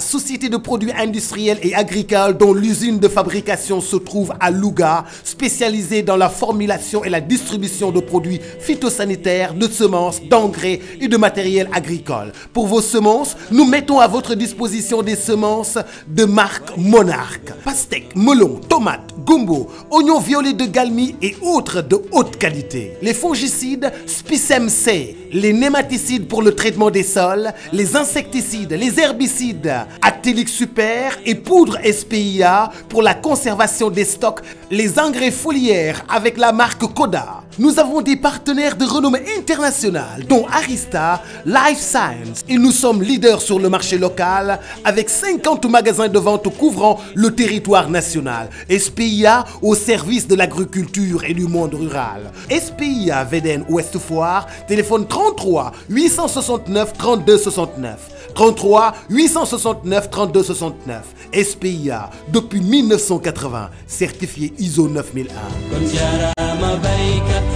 Sika, société de produits industriels et agricoles dont l'usine de fabrication se trouve à Louga, spécialisée dans la formulation et la distribution de produits phytosanitaires, de semences, d'engrais et de matériel agricoles Pour vos semences, nous mettons à votre disposition des semences de marque Monarch, pastèques, melons, tomates, gombo, oignons violets de Galmi et autres de haute qualité. Les fongicides Spicem C les nématicides pour le traitement des sols, les insecticides, les herbicides, Actélix Super et poudre SPIA pour la conservation des stocks, les engrais foliaires avec la marque Koda. Nous avons des partenaires de renommée internationale, dont Arista, Life Science. Et nous sommes leaders sur le marché local avec 50 magasins de vente couvrant le territoire national. SPIA au service de l'agriculture et du monde rural. SPIA VDN Ouest Foire, téléphone 33 869 32 69. 33 869 32 69. SPIA depuis 1980, certifié ISO 9001.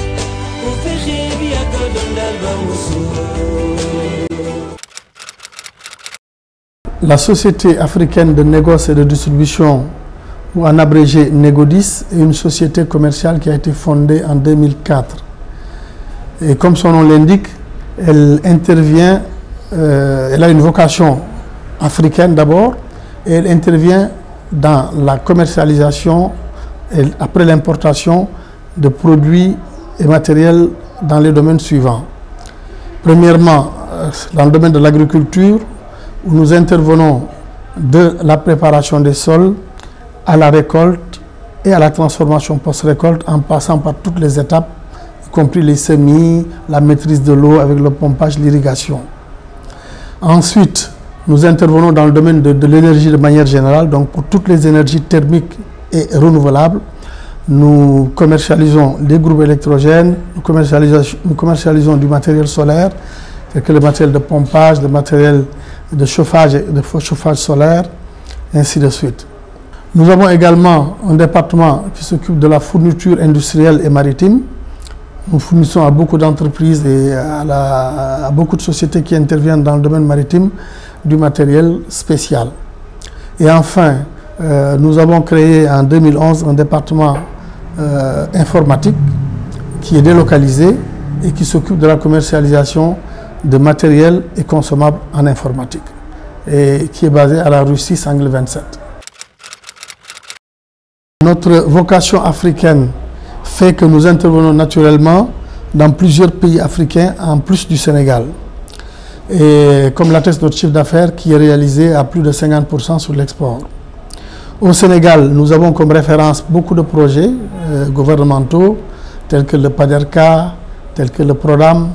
La Société africaine de négoce et de distribution, ou en abrégé Négodis, est une société commerciale qui a été fondée en Et comme son nom l'indique, euh, elle a une vocation africaine d'abord, et elle intervient dans la commercialisation et après l'importation de produits et matériel dans les domaines suivants. Premièrement, euh, dans le domaine de l'agriculture, où nous intervenons de la préparation des sols à la récolte et à la transformation post-récolte en passant par toutes les étapes, y compris les semis, la maîtrise de l'eau avec le pompage, l'irrigation. Ensuite, nous intervenons dans le domaine de, de l'énergie de manière générale, donc pour toutes les énergies thermiques et renouvelables, nous commercialisons des groupes électrogènes, nous commercialisons, nous commercialisons du matériel solaire, c'est que le matériel de pompage, le matériel de chauffage et de chauffage solaire, ainsi de suite. Nous avons également un département qui s'occupe de la fourniture industrielle et maritime. Nous fournissons à beaucoup d'entreprises et à, la, à, beaucoup de sociétés qui interviennent dans le domaine maritime du matériel spécial. Et enfin, euh, nous avons créé en 2011 un département euh, informatique qui est délocalisée et qui la commercialisation de matériel et en informatique et qui est basée à la Russie, Sangle 27. Notre vocation africaine fait que nous intervenons naturellement dans plusieurs pays africains en plus du Sénégal. Et comme l'atteste notre chiffre d'affaires qui est réalisé à plus de 50% sur l'export. Au Sénégal, nous avons comme référence beaucoup de projets euh, gouvernementaux tels que le PADERCA, tels que le programme,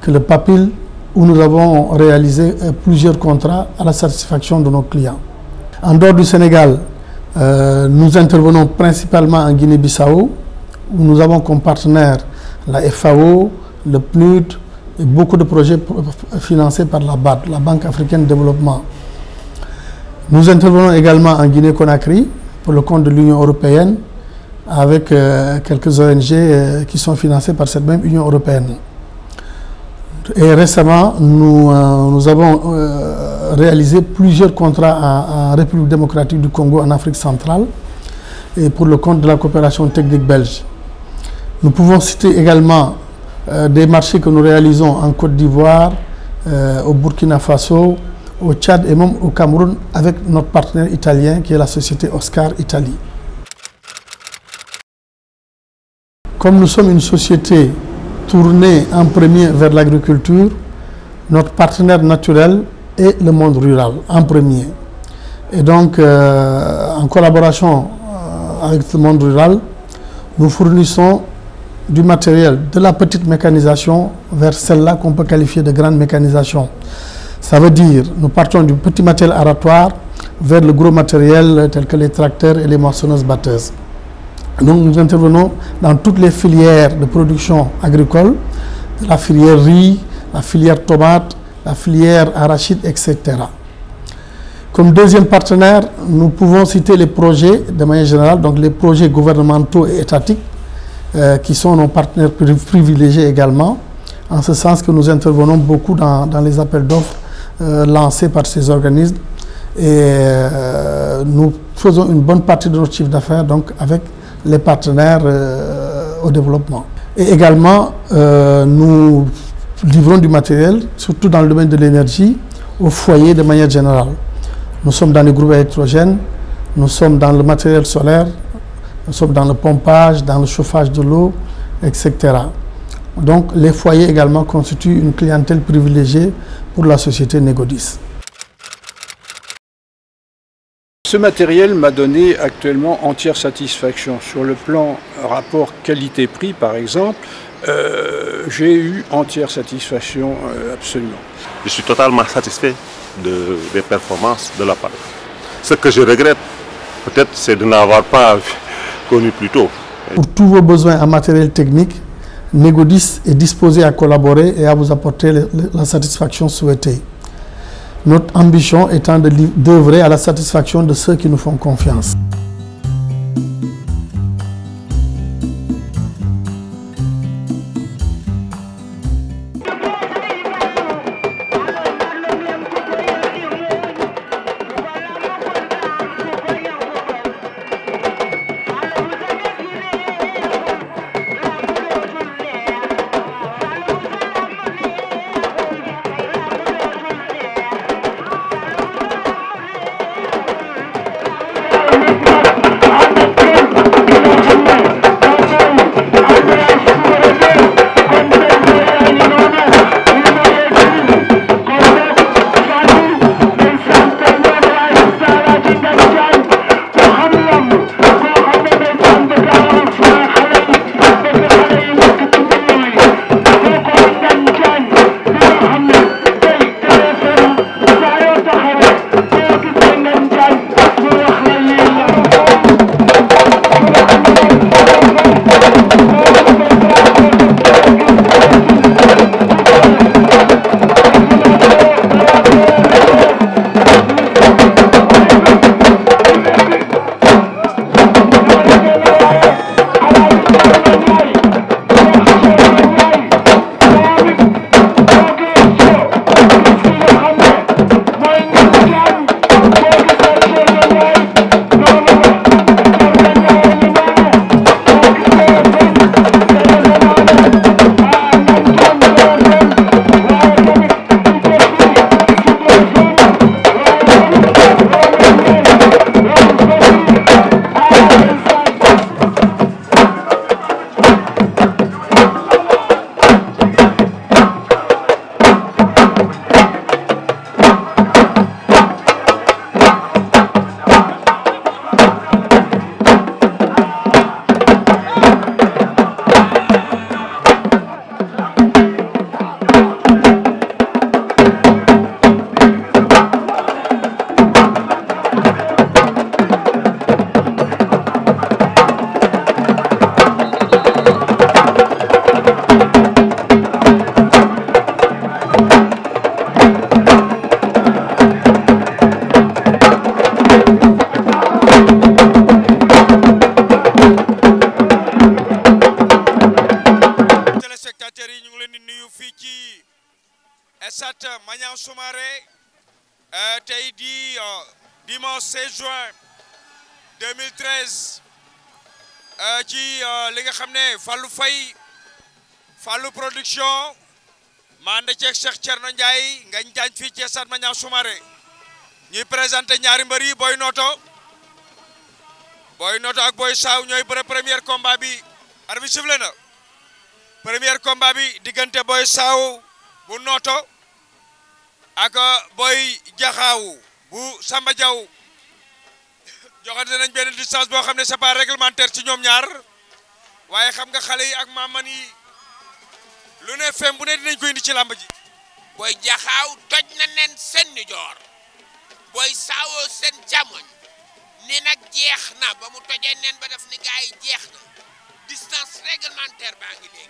que le PAPIL, où nous avons réalisé euh, plusieurs contrats à la satisfaction de nos clients. En dehors du Sénégal, euh, nous intervenons principalement en Guinée-Bissau, où nous avons comme partenaires la FAO, le PNUD et beaucoup de projets financés par la BAD, la Banque africaine de développement. Nous intervenons également en Guinée-Conakry pour le compte de l'Union européenne avec euh, quelques ONG euh, qui sont financées par cette même Union européenne. Et récemment, nous, euh, nous avons euh, réalisé plusieurs contrats en, en, République démocratique du Congo en Afrique centrale et pour le compte de la coopération technique belge. Nous pouvons citer également euh, des marchés que nous réalisons en Côte d'Ivoire, euh, au Burkina Faso, au Tchad et même au Cameroun avec notre partenaire italien qui est la société Oscar Italie. Comme nous sommes une société tournée en premier vers l'agriculture, notre partenaire naturel et le monde rural en premier. Et donc, euh, en collaboration euh, avec le monde rural, nous fournissons du matériel de la petite mécanisation vers celle-là qu'on peut qualifier de grande mécanisation. Ça veut dire, nous partons du petit matériel aratoire vers le gros matériel tel que les tracteurs et les moissonneuses-batteuses. Donc nous intervenons dans toutes les filières de production agricole, la filière riz, la filière tomate, la filière arachide, etc. Comme deuxième partenaire, nous pouvons citer les projets de manière générale, donc les projets gouvernementaux et étatiques, euh, qui sont nos partenaires privilégiés également, en ce sens que nous intervenons beaucoup dans, dans les appels d'offres Euh, lancé par ces organismes et euh, nous faisons une bonne partie de notre chiffre d'affaires donc avec les partenaires euh, au développement. Et également, nous livrons du matériel, surtout dans le domaine de l'énergie, au foyer de manière générale. Nous sommes dans les groupes électrogènes, nous sommes dans le matériel solaire, nous sommes dans le pompage, dans le chauffage de l'eau, etc. Donc les foyers également constituent une clientèle privilégiée pour la société Négodis. Ce matériel m'a donné actuellement entière satisfaction. Sur le plan rapport qualité-prix, par exemple, euh, j'ai eu entière satisfaction, euh, absolument. Je suis totalement satisfait de, des performances de l'appareil. Ce que je regrette, peut-être, c'est de n'avoir pas connu plus tôt. Pour tous vos besoins en matériel technique, Négodis est disposé à collaborer et à vous apporter le, le, la satisfaction souhaitée. Notre ambition étant d'œuvrer à la satisfaction de ceux qui nous font confiance. Thierno Ndiaye ngañ jaañ fii ci stade Maniang Soumaré ñuy présenté ñaari mbër yi Boy Noto Boy Noto ak Boy Saaw ñooy bëre premier combat bi arbitre sifflé na premier combat bi diggante booy Saaw bu Noto ak euh, Boy Jaxaaw bu Samba Diaw joxante nañ benn distance boo xam ne c'est pas réglementaire ci ñoom ñaar waaye xam nga xale yi ak maman yi lu ne fem bu ne dinañ ko indi ci làmb ji booy jaxaaw toj na nen seen nijoor booy saawoo seen càmmoñ ne nag jeex na ba mu tojee nen ba def ni gars yi jeex na distance réglementaire baa ngi léegi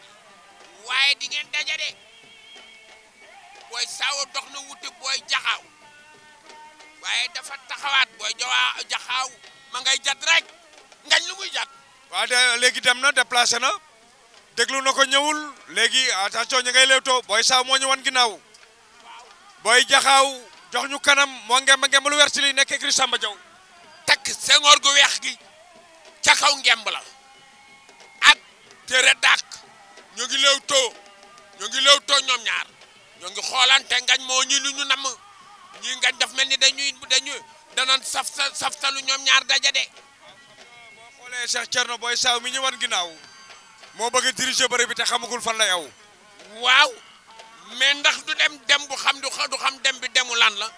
waaye di ngeen booy saawoo dox na wuti booy jaxaw waaye dafa taxawaat booy jawaa jaxaaw ma ngay jat rek ngañ lu muy jat waa de léegi dem na déplacé na déglu na ko ñëwul léegi attention ñu ngay leewtoo booy saaw moo ñu wan ginnaaw booy jaxaw jox ñu kanam moo ngemb ngemb lu wer ci li nekk écrit Samba Diaw takk sengoor gu weex gi ca kaw ngemb la ak tere dàq ñu ngi lew too ñu ngi ñoom ñaar ñoo ngi xoolante ngañ moo ñi lu ñu namm ñii ngañ daf mel ni dañuy dañuy danan saf salu ñoom ñaar daja de boo xoolee Cheikh Thierno booy saaw mi ñu wan ginnaaw moo bëggee a diriger bi te xamagul fan la yow waaw mais ndax du dem dem bu xam du xam dem bi demu lan la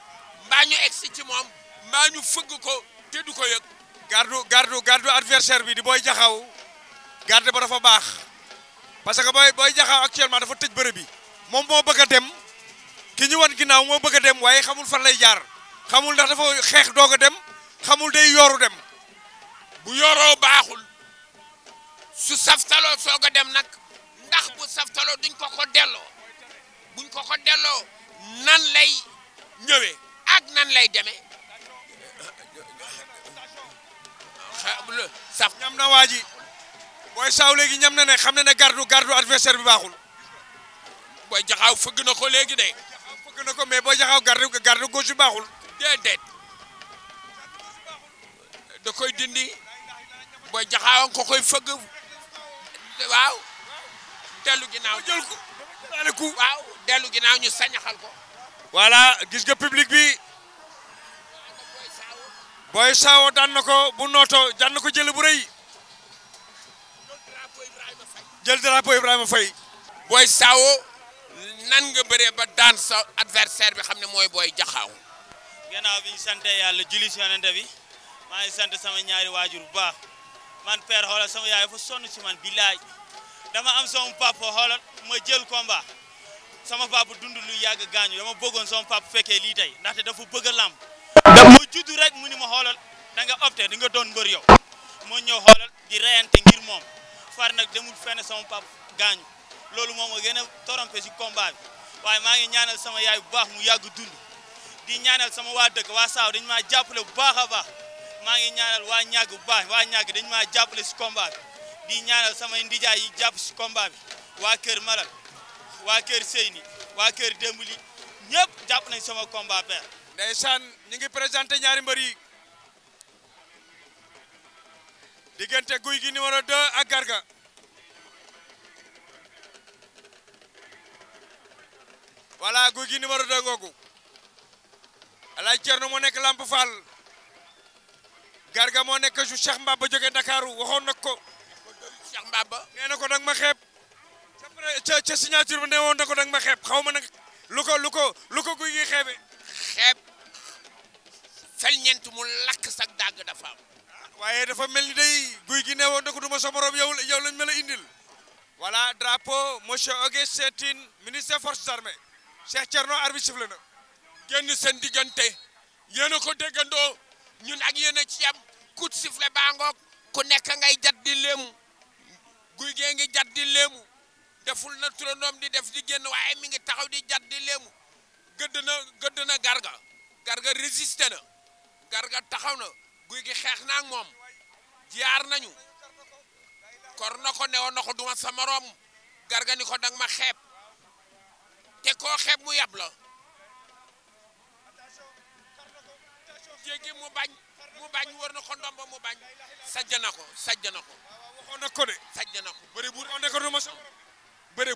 mbaa ñu egsi ci moom mbaa ñu fëgg ko te du ko yëg. gardu gardu gardu adversaire bi di booy jaxaw garde ba dafa baax parce que booy booy jaxaw actuellement dafa tëj bërëb bi moom moo bëgg a dem ki ñu wan ginnaaw moo bëgg a dem waaye xamul fan lay jaar xamul ndax dafa xeex doog a dem xamul day yooru dem. bu yoroo baaxul su saftaloo soog a dem nag ndax bu saftaloo duñ ko ko delloo. buñ ko ko delloo nan lay ñëwee ak nan lay demee saf ñam na waa ji booy saaw léegi ñam na ne xam na ne gardu gardu adversaire bi baaxul booy jaxaaw fëgg na ko léegi de fëgg na ko mais booy jaxaaw gardu gardu gauche bi baaxul déedéet da koy dindi booy jaxaaw ko koy fëgg waaw dellu ginnaaw jël ko dafa ko waaw dellu ginnaaw ñu sañaxal ko voilà gis nga public bi Boy Sawo dan na ko bu nooto daan na ko jël bu rëy jël drapeau Ibrahima Faye Boy Sawo nan nga bëree ba daan sa adversaire bi xam ne mooy Boy Jaxaaw gannaaw bi ñu sante yàlla julli si yonente bi maa ngi sant sama ñaari waajur bu baax man père xoolal sama yaay fa sonn ci man billaay dama am soom papa xoolal ma jël combat sama papa dund lu yàgg gaañu dama bëggoon sama papa fekkee lii tey ndaxte dafa bëgg a làmb da ma rek mu ni ma xoolal da nga opté di nga doon mbër yow moo ñëw xoolal di reyante ngir moom far nag demul fenn sama papa gaañu loolu moom moo gën a trompé si combat bi waaye maa ngi ñaanal sama yaay bu baax mu yàgg dund di ñaanal sama waa dëkk waa saaw dañ maa jàppale bu baax a baax maa ngi ñaanal waa ñàgg bu baax waa ñàgg dañ maa jàppale si combat di ñaanal samay ndijaay yi jàpp si combat bi waa kër Malal waa kër Seyni waa kër Dembali ñëpp jàpp nañ sama combat père. ndeysaan ñu ngi présenté ñaari mbër yi guy gi numéro 2 ak Garga. voilà guy gi numéro 2 googu alaaj Cerno moo nekk Lamp Fall Garga moo nekk ju Cheikh Mbaba jóge Ndakaaru waxoon na ko. Mbamba. nee na ko danga ma xeeb ca ca signature bi ne woon na ko danga ma xeeb xaw ma nag lu ko lu ko lu ko guy gi xeebe. xeeb felñent mu lakk sax dàgg dafa waaye dafa mel ni day guy gi ne woon ko du ma sa morom yow yow lañ ma la indil. voilà drapeau monsieur ministre des forces armées Cheikh Thierno arbitre sifflé na. génn seen diggante yéen a ko déggandoo ñun ak yéen a ci yam ku sifflé baa ngoog ku nekk ngay jat di mee ngi jat di léemu deful na turandoom di def di génn waaye mi ngi taxaw di jat di léemu gëdd garga garga résisté garga taxaw na guy gi xeex naa moom jaar nañu kor na ne newoon na ko duma sa moroom garga ni ko dang ma xeeb te koo xeeb mu yab la mu bañ mu bañ war na ko ndombo mu bañ sajja na ko sajja na ko waxoon na ko de sajja na ko bëre bu on déko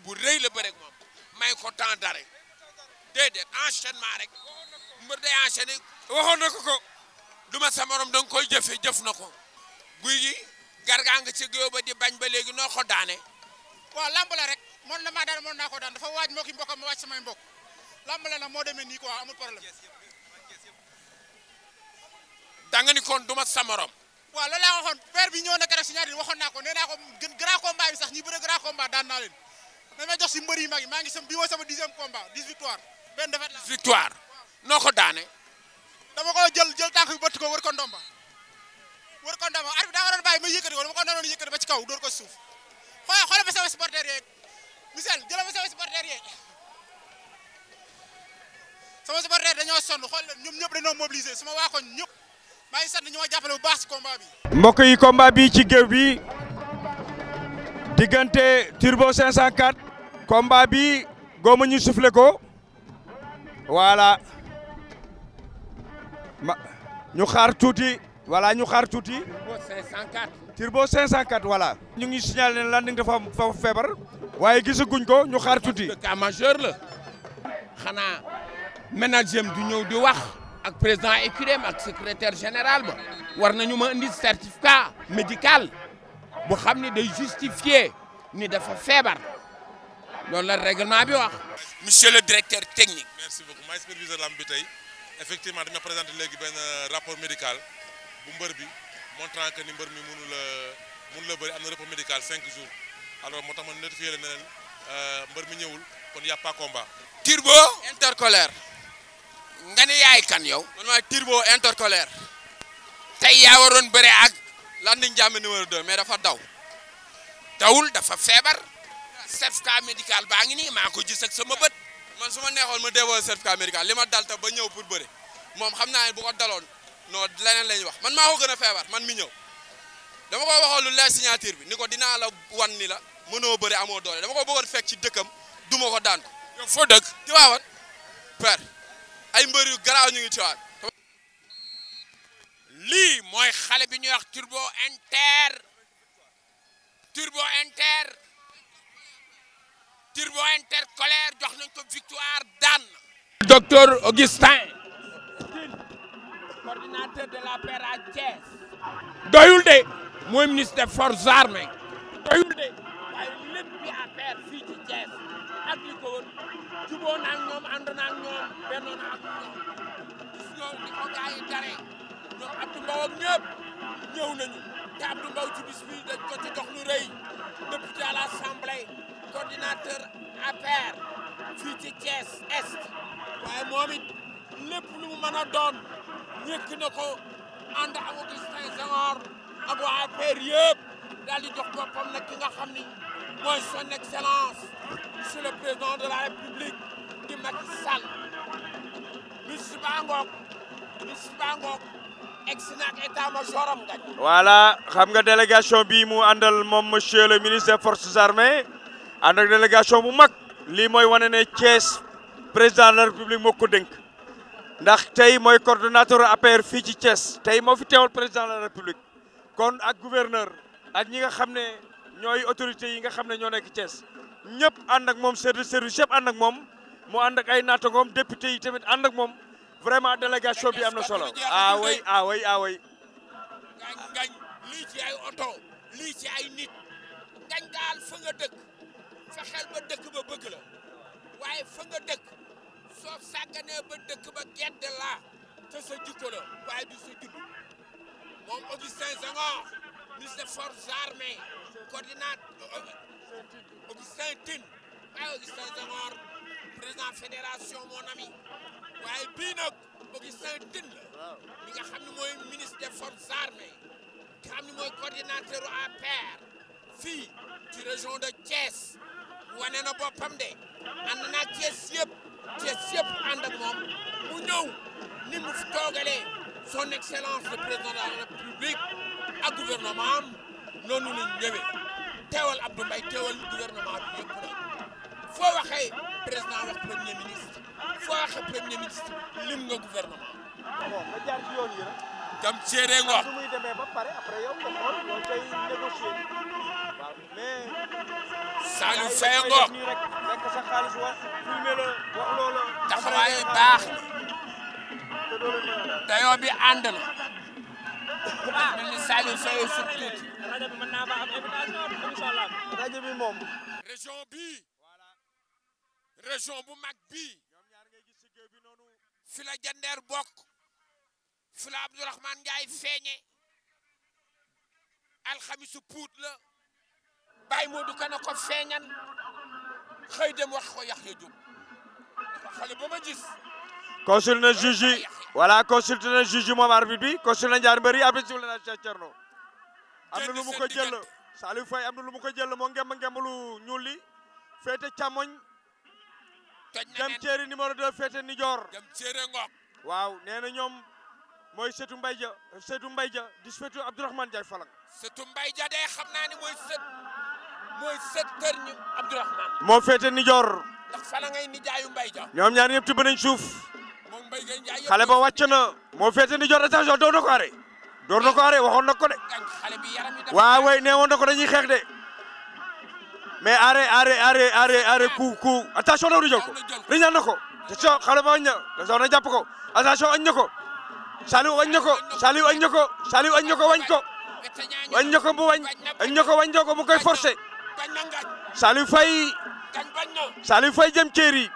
bu rëy la bëre ak moom may ko temps d'arrêt déedéet enchaînement rek mbër day enchaîné waxoon na ko du ma sa morom da nga koy jëfe jëf na ko guy gi gargaa nga ci géew ba di bañ ba léegi noo ko daane waaw lamb la rek moon la maa daan moon naa ko daan dafa waaj mbokki mbokkam ma waaj samay mbokk lamb la nag moo demee nii quoi amul problème da nga ni kon du ma sa morom waaw loolu laa waxoon père bi ñëw na keroog si ñaari waxoon naa ko nee ko gën grand combat bi sax ñi bëre grand a daan naa leen dañ ma jox si mbër yi mag yi maa ngi sam bi mooy sama dixième combat dix victoire benn defet victoire noo ko daane dama ko jël jël tànk bi bëtt ko wër ko ndomba wër ko ndomba arbitre daa waroon bàyyi may yëkkati ko dama ko naroon yëkkati ba ci kaw dóor ko suuf xoolal xoolal ba sama supporter yeeg Michel jëlal ba sama supporter yeeg sama supporter dañoo sonn ñëpp dañoo mobiliser sama waa koñ ñëpp maa ngi sant ñu ma bi. mbokk yi combat bi ci géew bi diggante Turbo 504. combat bi góob ñu sufle ko voilà ñu xaar tuuti voilà ñu xaar tuuti. Turbo 504. Turbo 504 voilà. ñu ngi signalé ne landing dafa fa feebar. waaye gisaguñ ko ñu xaar tuuti. cas majeur la xanaa ménagem du ñëw di wax. ak président écurie ak secrétaire général ba war nañu ma indi certificat médical bu xam ni day justifier ni dafa feebar loolu la règlement bi wax. monsieur le directeur technique. merci beaucoup maa ngi superviseur lamb bi tey effectivement dama présenté léegi benn euh, rapport médical bu mbër bi montrant que ni mbër mi mënu la euh, mënu la bëri am na rapport médical cinq jours alors moo tax ma notifié la ne euh, mbër mi ñëwul kon y' a pas combat. turbo intercolaire. nga ne yaay kan yow. man maay turbo intercolaire. tey yaa waroon bëre ak. Landing Diamé numéro 2 mais dafa daw. dawul dafa feebar. certificat médical baa ngi nii maa ko gis ak sama bët. man su ma neexoon ma déggoo certificat médical li ma dal ba ñëw pour bëre moom xam naa ne bu ko daloon non leneen la ñuy wax man maa ko a feebar man mi ñëw. dama ko waxoon lu leer signature bi ni ko dinaa la wan ni la mën mënoo bëri amoo doole dama ko bëggoon fekk ci dëkkam duma ko daan ko. ay mbër yu garaaw ñu mooy xale bi ñuy wax turbo inter turbo inter turbo jox nañ ko victoire daan docteur Augustin coordinateur de la paix à Thiès doyul mooy ministre des forces armées doyul de waaye lépp bi fii ci Thiès ak li ko wër juboo naa ak ñoom ànd naa gis ñoo ni ko gars yi daree ñoom Abdou Mbow ak ñëpp ñëw nañu te Abdou Mbow jox lu rëy député à l'Assemblée coordinateur APR ci Thiès Est waaye moom it lépp lu mu mën a doon ñëkk na ko ànd ak daal di jox boppam nag mooy son excellence monsieur le président de la république di Macky Sall xam nga délégation bi mu àndal moom monsieur le ministre des forces armées ànd ak délégation mu mag lii mooy wane ne Thiès président de la république moo ko dénk ndax tey mooy coordonnateur APR fii ci Thiès tey moo fi teewal président de la république kon ak gouverneur ak ñi nga xam ne ñooy autorités yi nga xam ne ñoo nekk Thiès ñëpp ànd ak moom service service yëpp ànd moom mu ànd ak ay naataangoom député yi tamit ànd moom vraiment délégation bi am na solo. Ah, ah oui ah oui ah oui. ngañ ngañ lii ci ay oto lii ci nit. ngañ daal fa nga dëkk fexeel ba dëkk ba bëgg la waaye fa nga dëkk soo sàgganee ba dëkk ba gedd la te sa jikko la waaye du sa judd moom Augustin Senghor ministre des forces armées coordinateur Augustin Tine waaye Augustin Senghor président fédération mon ami waaye bii nag Augustin Tine mi nga xam ne mooy ministre des forces armées nga xam ne mooy coordinateur APR fii ci région de Thiès wane na boppam de ànd naa Thiès yëpp Thiès yëpp ànd ak moom mu ñëw ni mu fi toogalee son excellence le président de république ak gouvernement am noonu la teewal Abdou Mbaye teewal gouvernement bi yëpp foo waxee président wax premier ministre foo waxee premier ministre lim nga gouvernement. bon nga ba pare après yow nga xool nga baax. te doo mel bi mën naa région bu mag bi fi la jandeer bokk fi la Abdourahmane Ndiaye feeñe alxamisu puut la Baye Modou Kane ko feeñan xëy dem wax ko Yaxya Diop xale ba na juge voilà consulté na juge moom arbitre bi consulté na ñaar mbër yi arbitre sifflé na Cheikh Thierno am na lu ko jël Saliou Faye am na lu mu ko jëll moo ngemb ngemb lu ñuul li féete càmmoñ dem Thierry numéro 2 féete nijoor dem Thierry waaw nee na ñoom mooy Setu Mbay Ja Setu Mbay Ja di Setu Abdourahmane Jaay Falang Setu Mbay Ja de xam naa ni mooy sët mooy sët kër ñu Abdourahmane moo féete nijoor ndax Falangay nijaayu Mbay Ja ñoom ñaar ñëpp tibb suuf xale ba wàcc na moo féete ndi jot attention door na ko arrêté door na ko arrêté waxoon na ko de waaw waay na ko dañuy xeex de mais arrêté arrêté arrêté arrêté arrêté coup coup attention daw di jël ko riñaan na ko attention wañ na jàpp ko attention añ na ko wañ na ko Saliou añ na ko wañ ko wañ na ko mu wañ na ko mu koy forcé Saliou Faye Saliou Faye jëm ceeri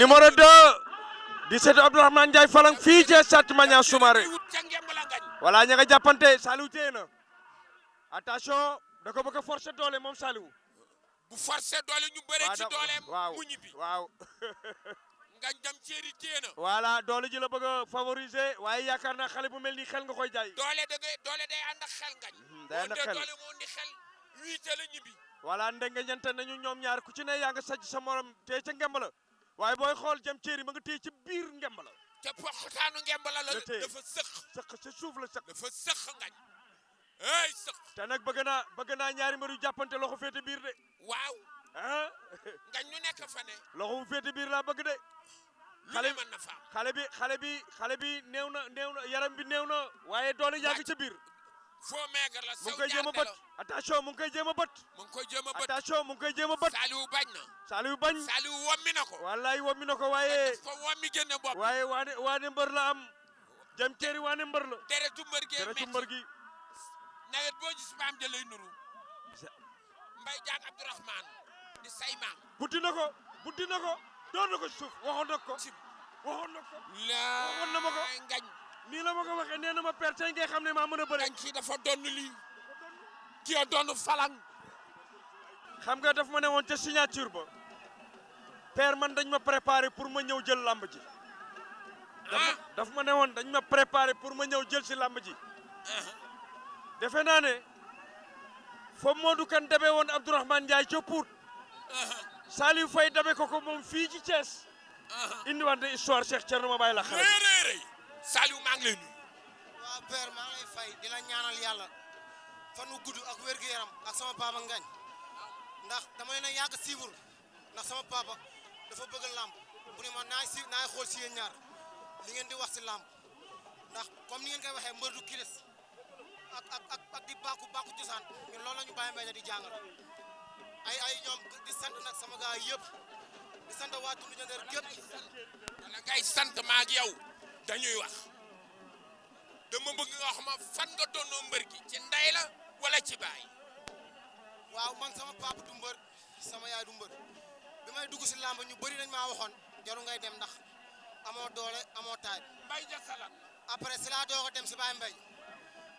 numéro 2 di seeti Abdourahmane Ndiaye Falang fii ci stade Maniang Soumaré voilà ña nga jàppante Saliou téye na attention da ko bëgg a forcer doole moom Saliou. doole ñu bëre ci dooleem. waaw mu ñibbi waaw. ngañ dem bëgg a waaye yaakaar naa xale bu mel nii xel nga koy jaay. doole da ngay doole day ànd ak hmm, ñibbi. voilà ndenge ñente nañu ñoom ñaar ku ci ne yaa nga saj sa morom te ca ngemb la. waaye booy xool jam ceeri ma nga téye ci biir ngemb la te poxtaanu ngemb la la dafa sëq sëq suuf la sëq dafa sëq ngañ ay sëq te nag bëgg naa bëgg naa ñaari mbër yu jàppante loxo féete biir de waaw ah ngañ ñu nekk fa ne loxo bu féete biir laa bëgg de xale mën na faam xale bi xale bi xale bi néew na néew na yaram bi néew na waaye doole yaa ngi ca biir foo meegar la mu ngi koy jéem a bët attention mu ngi koy jéem a bët mu ngi koy jéem a bët attention mu ngi koy jéem a bët Saliou bañ na Saliou bañ Saliou wommi na ko wallaay wommi na ko waaye ko waaye waane waane mbër la am jëm teeri waane mbër la deretu mbër gi deretu mbër gi nawet boo gis maam ja lay nuru Mbaye Diagne Abdourahmane di say maam buddi na ko na ko doon na suuf waxoon na ko waxoon ma ko nii la ma ko waxee nee na ma père tey ngay xam ne maa mën a bëri. ak kii dafa donn lii kii a donn falang. xam nga daf ma ne woon ca signature ba. père man dañ ma préparé pour ma ñëw jël làmb ji. Ah. ma ne woon dañ ma préparé pour ma ñëw jël si làmb ji. Uh-huh. defe naa ne moo du kan dabe woon Abdourahmane Ndiaye ca Pout. Uh-huh. Saliou Faye dabe ko ko moom fii ci Thiès. Uh-huh. indiwante histoire Cheikh Thierno ma bàyyi la xel. Saliou maa ngi lay nuyu. waaw père maa ngi fay di ñaanal yàlla fan wu gudd ak wér yaram ak sama papa Ngañ ndax dama leen a yàgg siibur ndax sama papa dafa bëgg làmp bu ne ma naa si naay xool si yéen ñaar li ngeen di wax si làmp ndax comme ni ngeen koy waxee mbër du kilis ak ak ak di bàkku bàkku cosaan ñun loolu la ñu bàyyi mbay di jàngal ay ay ñoom di sant nag sama gaay yëpp di sant waa Tundu Jandeer képp. wala ngay sant maa ak yow. dañuy wax dama bëgg nga wax ma fan nga doonoo mbër gi ci ndey la ci baay waaw man sama papa du mbër sama yaay du mbër dugg si làmb ñu bëri dañ ma waxoon jaru ngay dem ndax amoo doole amoo taay bay jasalan après si laa dooga dem si baay mbay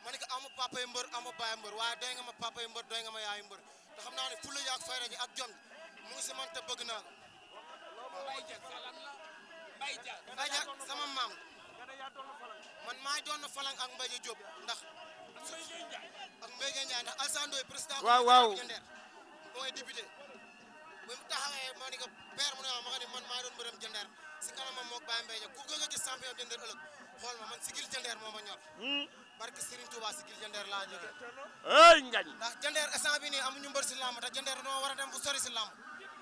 man ne ko amu papay mbër amu baay mbër waaye doy nga ma papay mbër doy nga ma yaay mbër te xam naa ne fulla yaak fayda ji ak jom mu ngi si man te bëgg naa la sama maam man maa doon falang ak Mbaye Diop ndax. ak Mbaye Diop Ndiaye ndax Alassane Ndoye président. waaw waaw mooy député. bu mu taxawee ma ne ko père mu ne ma ma ne man maa doon mbërëm jëndeer si kanamam moog Baye Mbaye Diop ku nga gis champion jëndeer ëllëg xool ma man sigil jëndeer moo ma ñor. Hmm? barke Serigne Touba sigil jëndeer laa jógee. ay ngañ. ndax jëndeer instant bi nii amuñu mbër si làmb te jëndeer doo war a dem fu sori si làmb.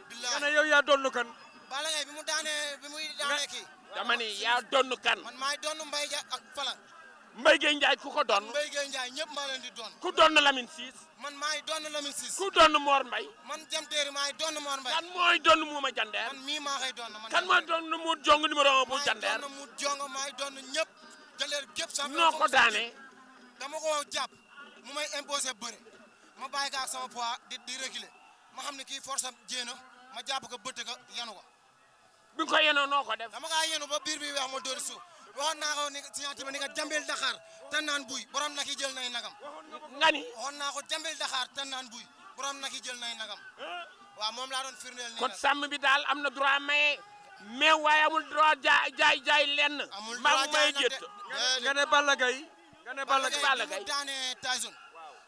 billaay yow yaa doon kan. Balla bi mu daanee dama ni yaa donn kan. man maay donn Mbaye ak Fala. Mbaye Gueye Ndiaye ku ko donn. Mbaye Gueye Ndiaye ñëpp maa leen di donn. ku donn Lamine Ciss. man maay donn Lamine Ciss. ku donn Mor mbay man jamteeri maay donn Mor Mbaye. kan mooy donn Mouma Jandeer. man mii maa koy donn man. kan mooy donn Mout Jong numéro 1 bu Jandeer. maay donn Mout Jong maay donn ñëpp. Jandeer gépp sax. noo ko daane. dama ko jàpp mu may imposé bëre ma bàyyi ko ak sama poids di di ma xam ne kii force am jéena ma jàpp ko bëtt ko yanu ko. bi nga ko yenoo noo ko def. dama kaa yenu ba biir bi weex ma dóori suuf waxoon na ko ni si ma ni nga jambeel Dakar te naan buy borom nag jël nay nagam. nga ni waxoon naa ko jambeel Dakar te naan buy borom nag yi jël nay nagam. waaw moom laa doon firndeel nii kon sàmm bi daal am na droit maye mais waaye amul droit jaay jaay jaay lenn. amul droit jaay na de nga ne Balla Gaye nga ne Balla Gaye Balla Gaye daanee Tyson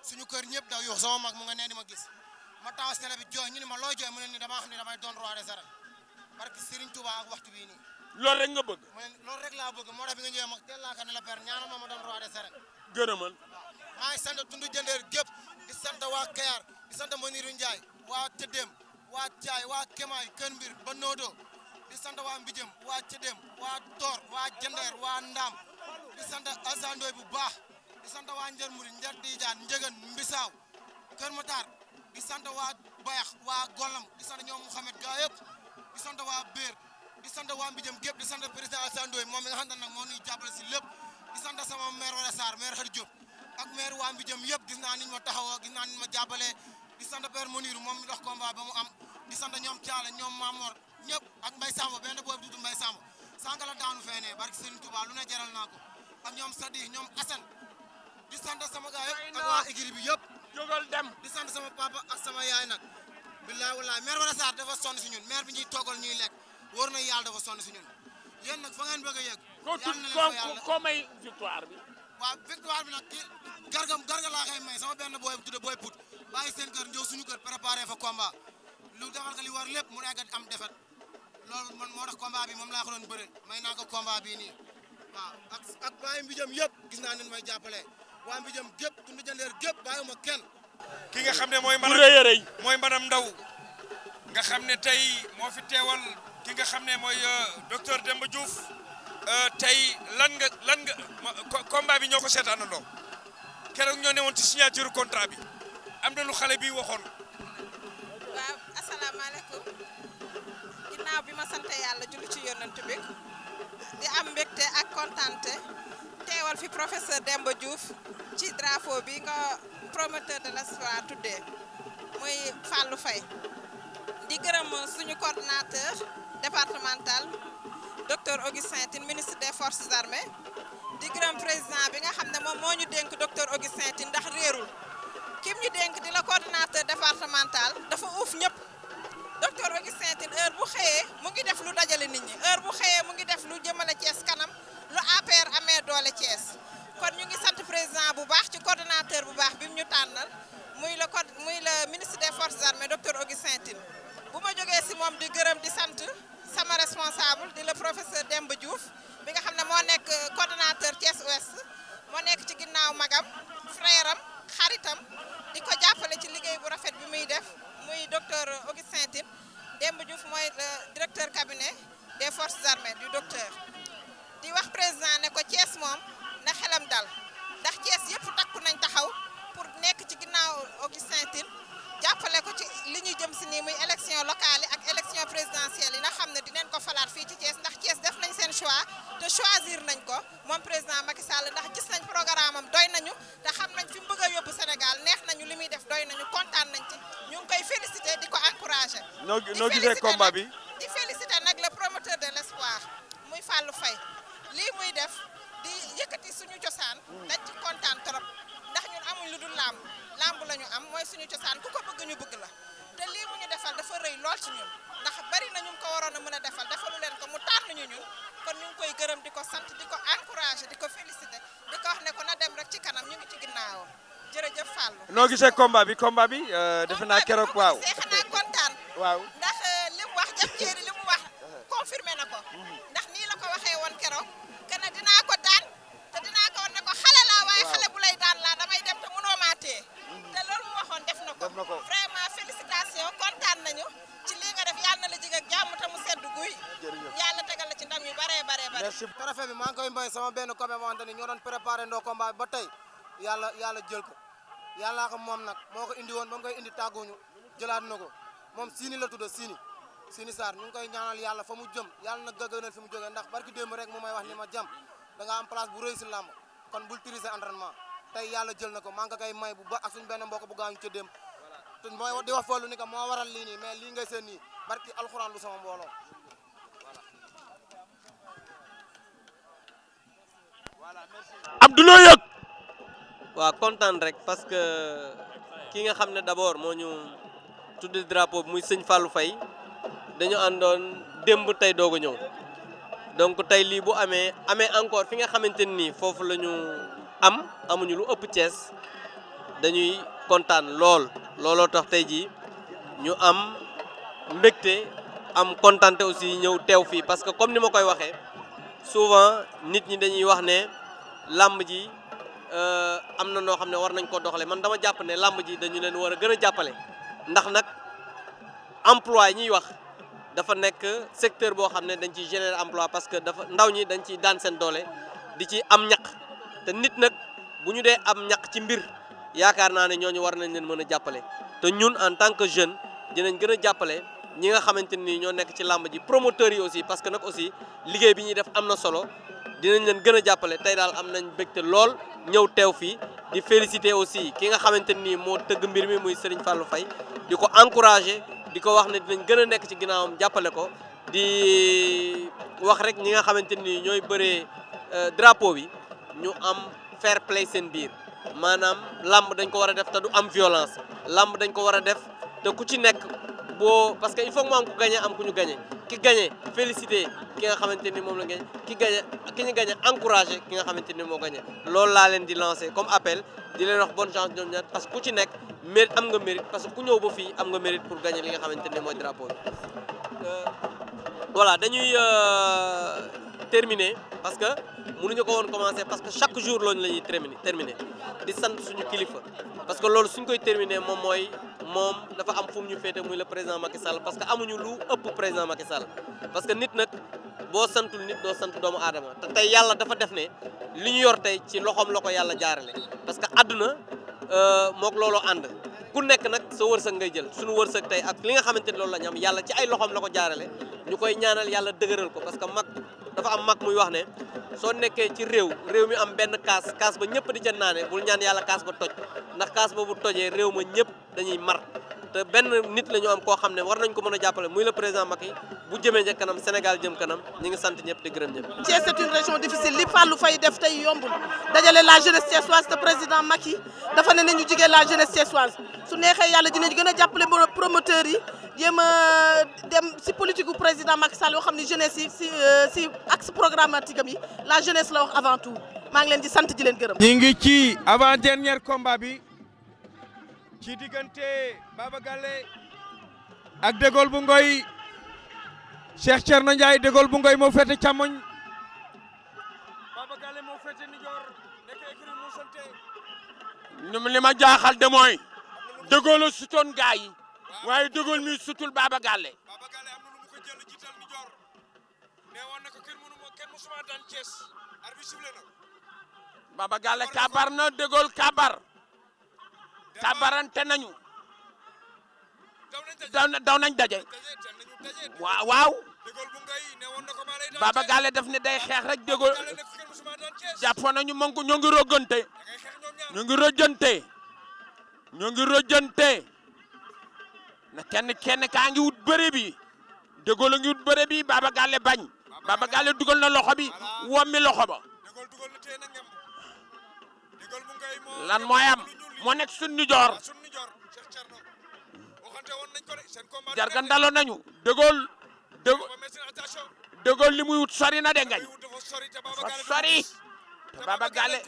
suñu kër ñëpp daw yox sama mag mu nga nee di ma gis ma taxaw si télé bi jooy ne ma looy jooy mu ne ni barke Serigne Touba ak waxtu bii nii. nga bëgg. mu ne bëgg moo tax nga ñëwee mag laa ka la père ñaanal ma ma doon roi des arènes. maa ngi sant tundu jëndeer gépp di waa Kayar di sant Moniru waa Tëddeem waa Thiaye waa Kemaay Kën Mbir ba waa Mbijëm waa Tëddeem waa Toor waa Jëndeer waa Ndaam di sant bu baax di waa Njër Muri Njër Dijaan Njëgën Mbisaaw Kër Matar waa Bayax waa Golam di ñoom Mouhamed gaa di sant waa Béer di sant waa Mbijëm gépp di sant président Alassane Ndoye moom mi nga xam ne moo ñuy jàppale si lépp di sant sama maire wala Sarr maire Khady Diop ak maire waa Mbijëm yëpp gis naa ni ñu ma taxawoo gis naa ni ñu ma jàppalee di sant père Moniru moom mi dox combat ba mu am di sant ñoom Thialé ñoom Mamor ñëpp ak Mbaye Samba benn boobu duutu Mbaye Samba sànq la daanu feenee barke Serigne Touba lu ne jaral naa ko ñoom Sadi ñoom Assane di sant sama yëpp ak waa di sant sama papa ak sama yaay nag billaay wallaay maire Wara Sarr dafa sonn si ñun maire bi ñuy toggal ñuy lekk wóor na yàlla dafa sonn ñun yéen nag fa ngeen bëgg a na ko may victoire bi. waaw victoire bi nag kii garga garga laa koy may sama benn booy bu tudd booy put bàyyi seen war lépp mu egg am defet loolu man moo tax combat moom laa ko doon bëreel may naa ko combat bii nii waaw ak ak bàyyi mbijam yëpp gis naa ne may jàppale waa mbijam gépp tund jandeer gépp bàyyiwuma kenn ki nga xam ne mooy mbanam mooy mbanam ndaw nga xam ne tey moo fi teewal ki nga xam ne mooy euh, docteur Demba Diouf euh, tey lan nga lan nga combat bi ñoo ko seetaanandoo keroog ñoo newoon ci signature contrat bi am na lu xale bi waxoon. waaw asalaamaaleykum ginnaaw bi ma sant yàlla julli ci yonent bi di am mbégte ak kontaante teewal fi professeur Demba ci drapeau bi nga. promoteur de l'espoir tuddee muy Fallou Faye di gërëm suñu coordonnateur départemental docteur Augustin Tine ministre des forces armées di gërëm président bi nga xam ne moom moo ñu dénk docteur Augustin Tine ndax réerul kim ñu dénk di la coordonnateur départemental dafa uuf ñëpp docteur Augustin Tine heure bu xëyee mu ngi def lu dajale nit ñi heure bu xëyee mu ngi def lu jëmale Thiès kanam lu APR amee doole Thiès kon ñu ngi sant président bu baax ci coordonnateur baax ñu tànnal muy la code muy le ministre des forces armées docteur Augustin Tine bu ma jógee si moom di gërëm di sant sama responsable di la professeur Demba Diouf bi nga xam ne moo nekk coordonnateur Thiès Ouest moo nekk ci ginnaaw magam frère am xaritam di ko jàppale ci liggéey bu rafet bi muy def muy docteur Augustin Tine Demba Diouf mooy le directeur cabinet des forces armées du docteur di wax président ne ko Thiès moom na xelam dal ndax Thiès yëpp takku nañ taxaw pour nekk ci ginnaaw Augustin Tine jàppale ko ci li ñuy jëm si ni muy élection locale yi ak élection présidentielle yi nga xam ne dinañ ko falaat fii ci Thiès ndax Thiès def nañ seen choix te choisir nañ ko moom président Macky Sall ndax gis nañ programme am doy nañu te xam nañ fi mu bëgg a yóbbu Sénégal neex nañu li muy def doy nañu kontaan nañ ci ñu ngi koy félicité di ko encouragé. noo noo gisee combat bi di félicité nag le promoteur de l' espoir muy Fallou Faye lii muy def di yëkkati suñu cosaan dañ kontaan trop. ndax ñun amuñ lu dul làmb làmb la ñu am mooy suñu cosaan ku ko bëgg ñu bëgg la te lii mu ñu defal dafa rëy lool ci ñun ndax bari na ñu ko waroon a mën a defal defalu leen ko mu tànn ñu ñun kon ñu koy gërëm di ko sant di ko encouragé di ko félicité di ko wax ne ko na dem rek ci kanam ñu ngi ci ginnaawam jërëjëf Fallou. noo gisee combat bi komba bi euh, defe naa keroog waaw xanaa kontaan waaw ndax euh, li wax jëm jéeri li mu wax confirmé na ko ndax nii la ko waxee woon keroog que ne dinaa ko daan waxoon def na ko vraiment félicitation kontaan nañu ci lii def yàlla na la jig ak jàmm te mu sedd guy yàlla tegal la ci ndam yu bare bare bare trophée bi maa ngi koy mboy sama benn combat moo xamante ni ñoo doon préparé ndoo combat bi ba tey yàlla yàlla jël ko yàllaa ko moom nag moo ko indi woon ba mu koy indi tàgguñu jëlaat na ko moom siini la tudd siini siini Sarr ñu ngi koy ñaanal yàlla fa mu jëm yal na gëgënal fi mu jógee ndax barki démb rek mu may wax ni ma jàmm da nga am place bu réy kon bul triser entraînement tey yàlla jël na ko maa ngi koy may bu ba ak suñ benn mbokk bu gaañu ca dem te mooy di wax foofu ni que moo waral lii nii mais lii kontaan rek parce que ki nga xam ne d'abord moo ñu tuddi drapeau bi muy sëñ Fallou Faye dañu àndoon démb tey doog a ñëw donc tey lii bu amee amee encore fi nga xamante ni foofu lañu am amuñu lu ëpp Thiès dañuy kontaan lool looloo tax tey jii ñu am mbégte am kontante aussi ñëw teew fii parce que comme ni ma koy waxee souvent nit ñi dañuy wax ne làmb ji euh, am na noo xam ne war nañ koo doxale man dama jàpp ne làmb ji dañu leen war a gën a jàppale ndax nag emploi yi ñuy wax dafa nekk secteur boo xam ne dañ ciy générer emploi parce que dafa ndaw ñi dañ ciy daan seen doole di ci am ñaq te nit nag bu ñu dee am ñaq ci mbir yaakaar naa ne ñoo ñu war nañ leen mën a jàppale te ñun en tant que jeune dinañ gën a jàppale ñi nga xamante ni ñoo nekk ci làmb ji promoteurs yi aussi parce que nag aussi liggéey bi ñuy def am na solo dinañ leen gën a jàppale tey daal am nañ bégte lool ñëw teew fii di féliciter aussi ki nga xamante ni moo tëgg mbir mi muy Serigne Fallou Faye di ko encourager di ko wax na dinañ gën a nekk ci ginnaawam jàppale ko di wax rek ñi nga xamante ni ñooy bëree euh, drapeau bi ñu am fair play seen biir maanaam làmb dañ ko war a def te du am violence làmb dañ ko war a def te ku ci nekk boo parce que il faut mu am ku gagné am ku ñu gagné ki gagné félicité ki nga xamante ni moom la gagné ki gagné ki ñu gagné encouragé ki nga xamante ni moo gagné loolu laa leen di lancé comme appel di leen wax bonne chance ñoom ñaar parce que ku ci nekk mérite am nga mérite parce que ku ñëw ba fii am nga mérite pour gagné li nga xamante ni mooy drapeau bi euh, voilà dañuy euh, terminé parce que mënuñu ko woon commencé parce que chaque jour loolu la ñuy terminé terminé di sant suñu kilifa parce que loolu suñ koy terminé moom mooy moom dafa am fu mu ñu féete muy le président Macky Sall parce que amuñu lu ëpp président Macky parce que nit nag boo santul nit doo sant doomu aadama te tey yàlla dafa def ne li ñu yor tey ci loxoom la ko yàlla jaarale parce que àdduna euh, mook looloo ànd ku nekk nag sa wërsëg ngay jël suñu wërsëg tey ak li nga xamante ne loolu lañam ñu yàlla ci ay loxoom la ko jaarale ñu koy ñaanal yàlla dëgëral ko parce que mag dafa am mag muy wax ne soo nekkee ci réew réew mi am benn kaas kaas ba ñëpp di ca naane bul ñaan yàlla kaas ba toj ndax kaas boobu tojee réew ma ñëpp dañuy mar te benn nit la ñu am koo xam ne war nañ ko mën a jàppale muy le président Macky bu jëmee ja kanam Sénégal jëm kanam ñi ngi sant ñëpp di gërëm ñëpp Thiès c'est une région difficile li Fallou Faye def tey yombul dajale la jeunesse thiessoise te président Macky dafa ne nañu jigee la jeunesse thiessoise su neexee yàlla dinañ gën a jàppale promoteurs yi jéem a dem si politique gu président Macky Sall yoo xam ne jeunesse yi si si euh, axe programmatique am yi la jeunesse la wax avant tout maa ngi leen di sant di leen gërëm ñi ngi ci avant dernier combat bi ci diggante Baba Galle ak Dégol bu Ngoy Cheikh Thierno Ndiaye Dégol bu Ngoy moo féete càmmoñ Baba Galle moo féete ma jaaxal de mooy Dégol sutoon gaa yi waaye Dégol mi sutul Baba Galle Baba Galle am na lu mu ko jël nijoor nee woon na ko kenn mënu ma kenn mësuma daan Thiès arbitre sifflé na Baba Galle kabar na Dégol kabar tabarante nañu daw nañ daje waaw waaw Baba Galle daf ne day xeex rek déggoo jàppoon nañu mën ko ñoo ngi rogante ñoo ngi rojante ñoo na kenn kenn kaa ngi wut bëre bi déggoo la ngi wut bëre Baba Galle bañ Baba Galle dugal na loxo bi wommi loxo ba lan mooy moo nekk suñu nijoor jargan daloon nañu dëggool dëggool li muy wut sori na de ngañ dafa sori te Baba Galle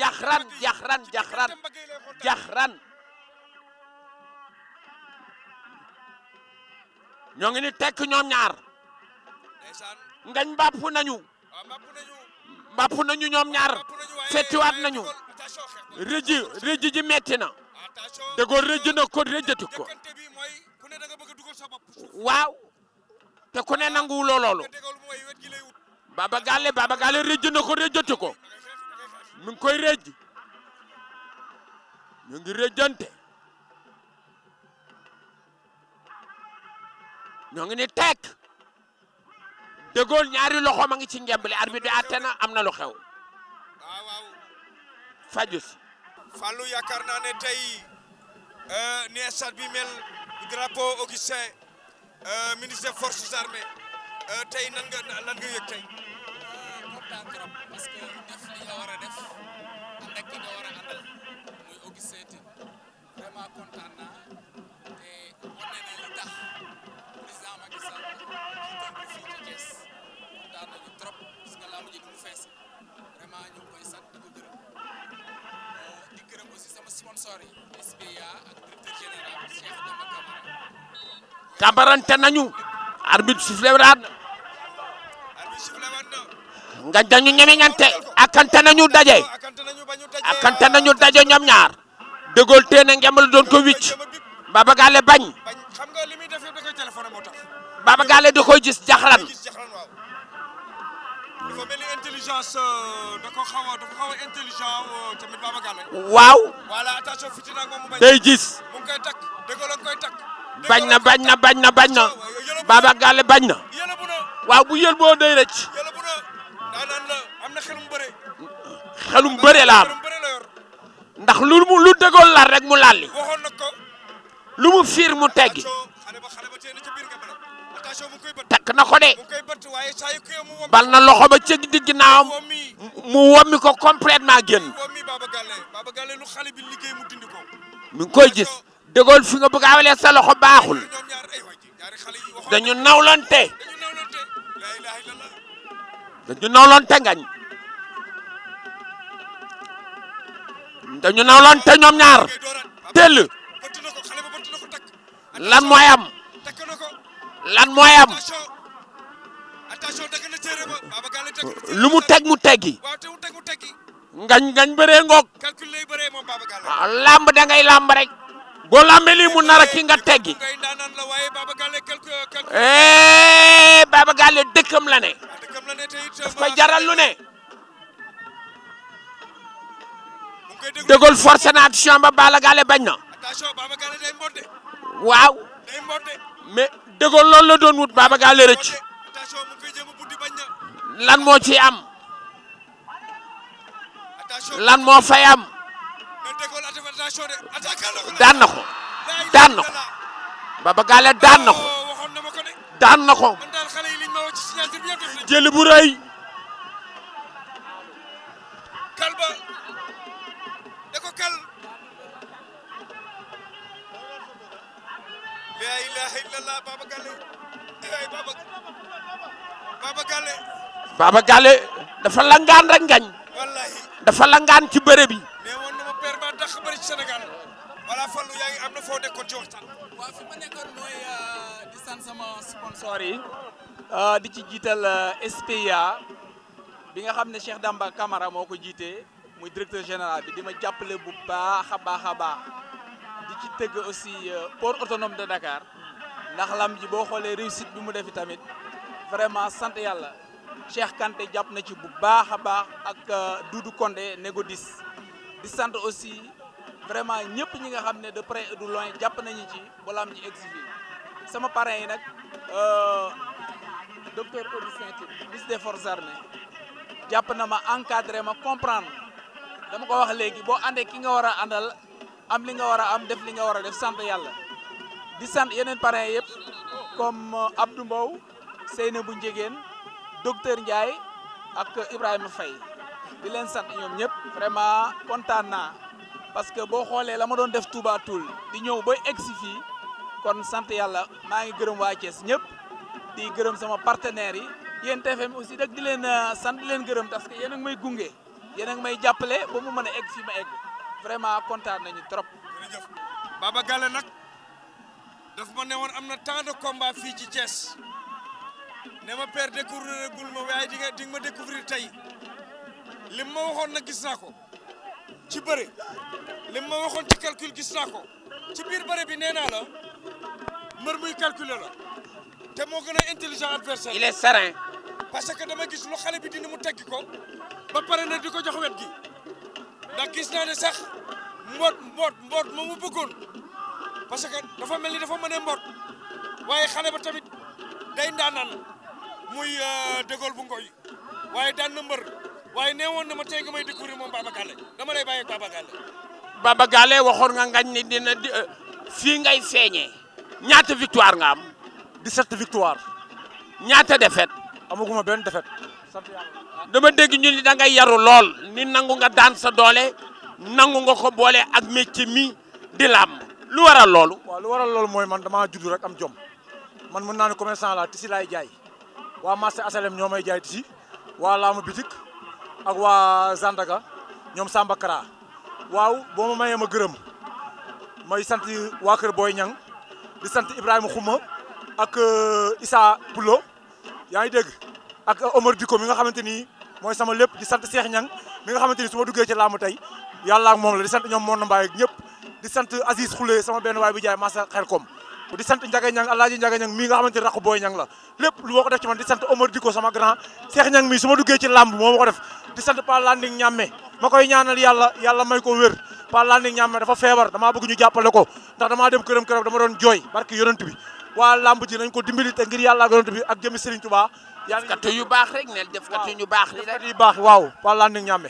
jaxran jaxran jaxran jaxran ñoo ngi ni tekk ñoom ñaar ngañ mbàpp nañu mbàpp nañu ñoom ñaar fettiwaat nañu rëj rëj ji metti na da ko rëj na ko rëjatu ko waaw te ku ne nanguwu loolu Baba Galle Baba na ko rëjatu ko mi ngi koy rëj ñoo ngi rëjante ñoo ngi ni tekk déggool ñaari loxo ma ngi ci njembali arbitre bi àtte na am na lu xew. faju si Fallou yaakaar naa ne tey euh, bi mel drapeau Augustin euh, ministre des forces euh, tey nan nga yëg tey kontaan trop parce que def li nga war def ànd ak nga war a àndal muy Augustin Tine vraiment kontaan naa te wane na lu tax président Macky Sall jiital ko fii ci Thiès kontaan nañu trop parce que laa mujj mu fees vraiment sponsor yi nañu ak directeur général Cheikh Demba Camara tabarante nañu arbitre sifflé waat na nga dañu ñemeñante akante nañu daje akante nañu daje ñoom ñaar dégol teene ngembal doon ko wicc Baba Galle bañ Baba Galle da koy gis jaxran intelligence euh, da ko xaw a dafa xaw a intelligent euh, tamit Baba Galle. waaw. voilà attention fii ci nag moom mu bañ. day gis. mu ngi koy takk dëgg la na bañ na bañ na bañ na. Baba Galle bañ na. waaw bu yël boo day rëcc. yëlëbu la am na xelum bëre. xelum ndax lu lu dëggoon laal rek mu lalli. waxoon lu mu fiir mu teggi. takk na ko de bal na loxo ba ci digg ginnaawam mu wommi ko complètement génn mi ngi koy gis dégool fi nga bëgg a awalee sa loxo baaxul dañu nawlante dañu nawlante ngañ dañu nawlante ñoom ñaar tell lan mooy am lan mooy lu mu teg mu teggi ngañ ngañ bëree ngoog ah, làmb da ngay làmb rek boo làmbee mu nar a ki nga teggi eh Baba Galle dëkkam la ne ah, jaral lu ne dëggal force na action ba Baba Galle bañ na waaw de Gaulle loolu la doon wut Baba Galle rëcc lan moo ci am lan moo fay am daan na ko daan na ko Baba Galle daan na ko oh, daan na ko jëli la ilaha illallah Baba Galle ay Baba Baba Galle dafa langaan rek dafa langaan ci bërëb bi mais woon na ma père ma tax bëri ci Sénégal voilà Fallou yaa ngi am na foo nekkoon ci waxtaan waaw fi ma nekkoon mooy euh, di sant sama sponsor euh, di ci jiital euh, SPIA bi nga xam ne Cheikh Damba Camara moo ko jiitee muy directeur général bi di ma jàppale bu baax a baax a baax di ci tëgg aussi euh, port autonome de Dakar ndax lam ji boo xoolee réussite bi mu defi tamit vraiment sant yàlla Cheikh Kanté jàpp na ci bu baax a baax ak euh, Doudou Condé négodis di sant aussi vraiment ñëpp ñi nga xam ne de près et loin jàpp nañu ci ba lam ji exhiber sama parrain yi nag euh, docteur Augustin Tine ministre des forces armées jàpp na ma encadré ma comprendre dama ko wax léegi boo àndee ki nga war a àndal am li nga war a am def li nga war a def sant yàlla di sant yeneen parents yëpp comme euh, Abdou Mbow bu Njegéen docteur Ndiaye ak Ibrahima Faye di leen sant ñoom ñëpp vraiment kontaan naa parce que boo xoolee la ma doon def Touba Toul di ñëw ba egsi fii kon sant yàlla maa ngi gërëm waa cees ñëpp di gërëm sama partenaires yi yéen TFM aussi nag di leen euh, sant leen gërëm parce que yéen a may gunge yéen a ngi may jàppale ba mu mën a egg fii ma egg vraiment kontaan nañu trop. jërëjëf Baba Galle nag daf ma ne woon am na tant de combat fii ci cees ne ma per découvrir gul ma waaye di nga ma découvrir tey li ma waxoon na gis naa ko ci bëre li ma waxoon ci calcul gis naa ko ci biir bëre bi nee naa la mbër muy calculer la te moo gën a intelligent adversaire. il est serein. parce que dama gis lu xale bi dina mu teggi ko ba pare na di ko jox wet gi. ndax gis naa ne sax mboot mboot mboot moom mu bëggoon parce que dafa mel ni dafa ma a mboot waaye xale ba tamit day ndaanaan muy euh, dégool bu ngoy waaye daan na mbër waaye nee woon ne ma tey nga may découvrir moom Baba dama lay bàyyi ak Baba Galle waxoon nga ngañ ni dina di euh, fii ngay feeñee ñaata victoire nga am 17 victoire ñaata defet amaguma benn défaite sant yàlla dama dégg ñu ni da nga yaru lool ni nangu nga daan sa doole nangu nga ko boole ak métier mi di làmb lu waral loolu. waaw lu waral loolu mooy man damaa judd rek am jom man mën naa ne commerçant laa tisi laay jaay waa marché asalem ñoo may jaay tisi waa laamu bitik ak waa Zandaga ñoom Samba Kara waaw boo ma mayee ma gërëm may sant waa kër booy Niang di sant Ibrahima Xuma ak euh, Issa Poulo yaa ngi dégg. ak Omar Diko mi nga xamante ni mooy sama lépp di sant Cheikh Niang mi nga xamante ni su ma duggee ci laamu tey yàlla ak moom la di sant ñoom Mor Mbaye ak ñëpp di sant Aziz Khoulé sama benn waay bu jaay masa xel koom di sant Ndiaga nga xamante ni rakk booy Niang la lépp lu ma ko def ci man di sant Omar Diko sama grand Cheikh Niang mii su ma duggee ci moo ma def di sant Pa Landing ma koy ñaanal yàlla yàlla may ko wér Pa Landing Ñamme dafa feebar damaa bëgg ñu jàppale ko ndax dama dem këram këram dama doon jooy barki yonent bi waa làmb yàlla defkatu yu baax rek neel defkatu yu baax li rek. defkatu yu baax waaw. wala ni ñambe.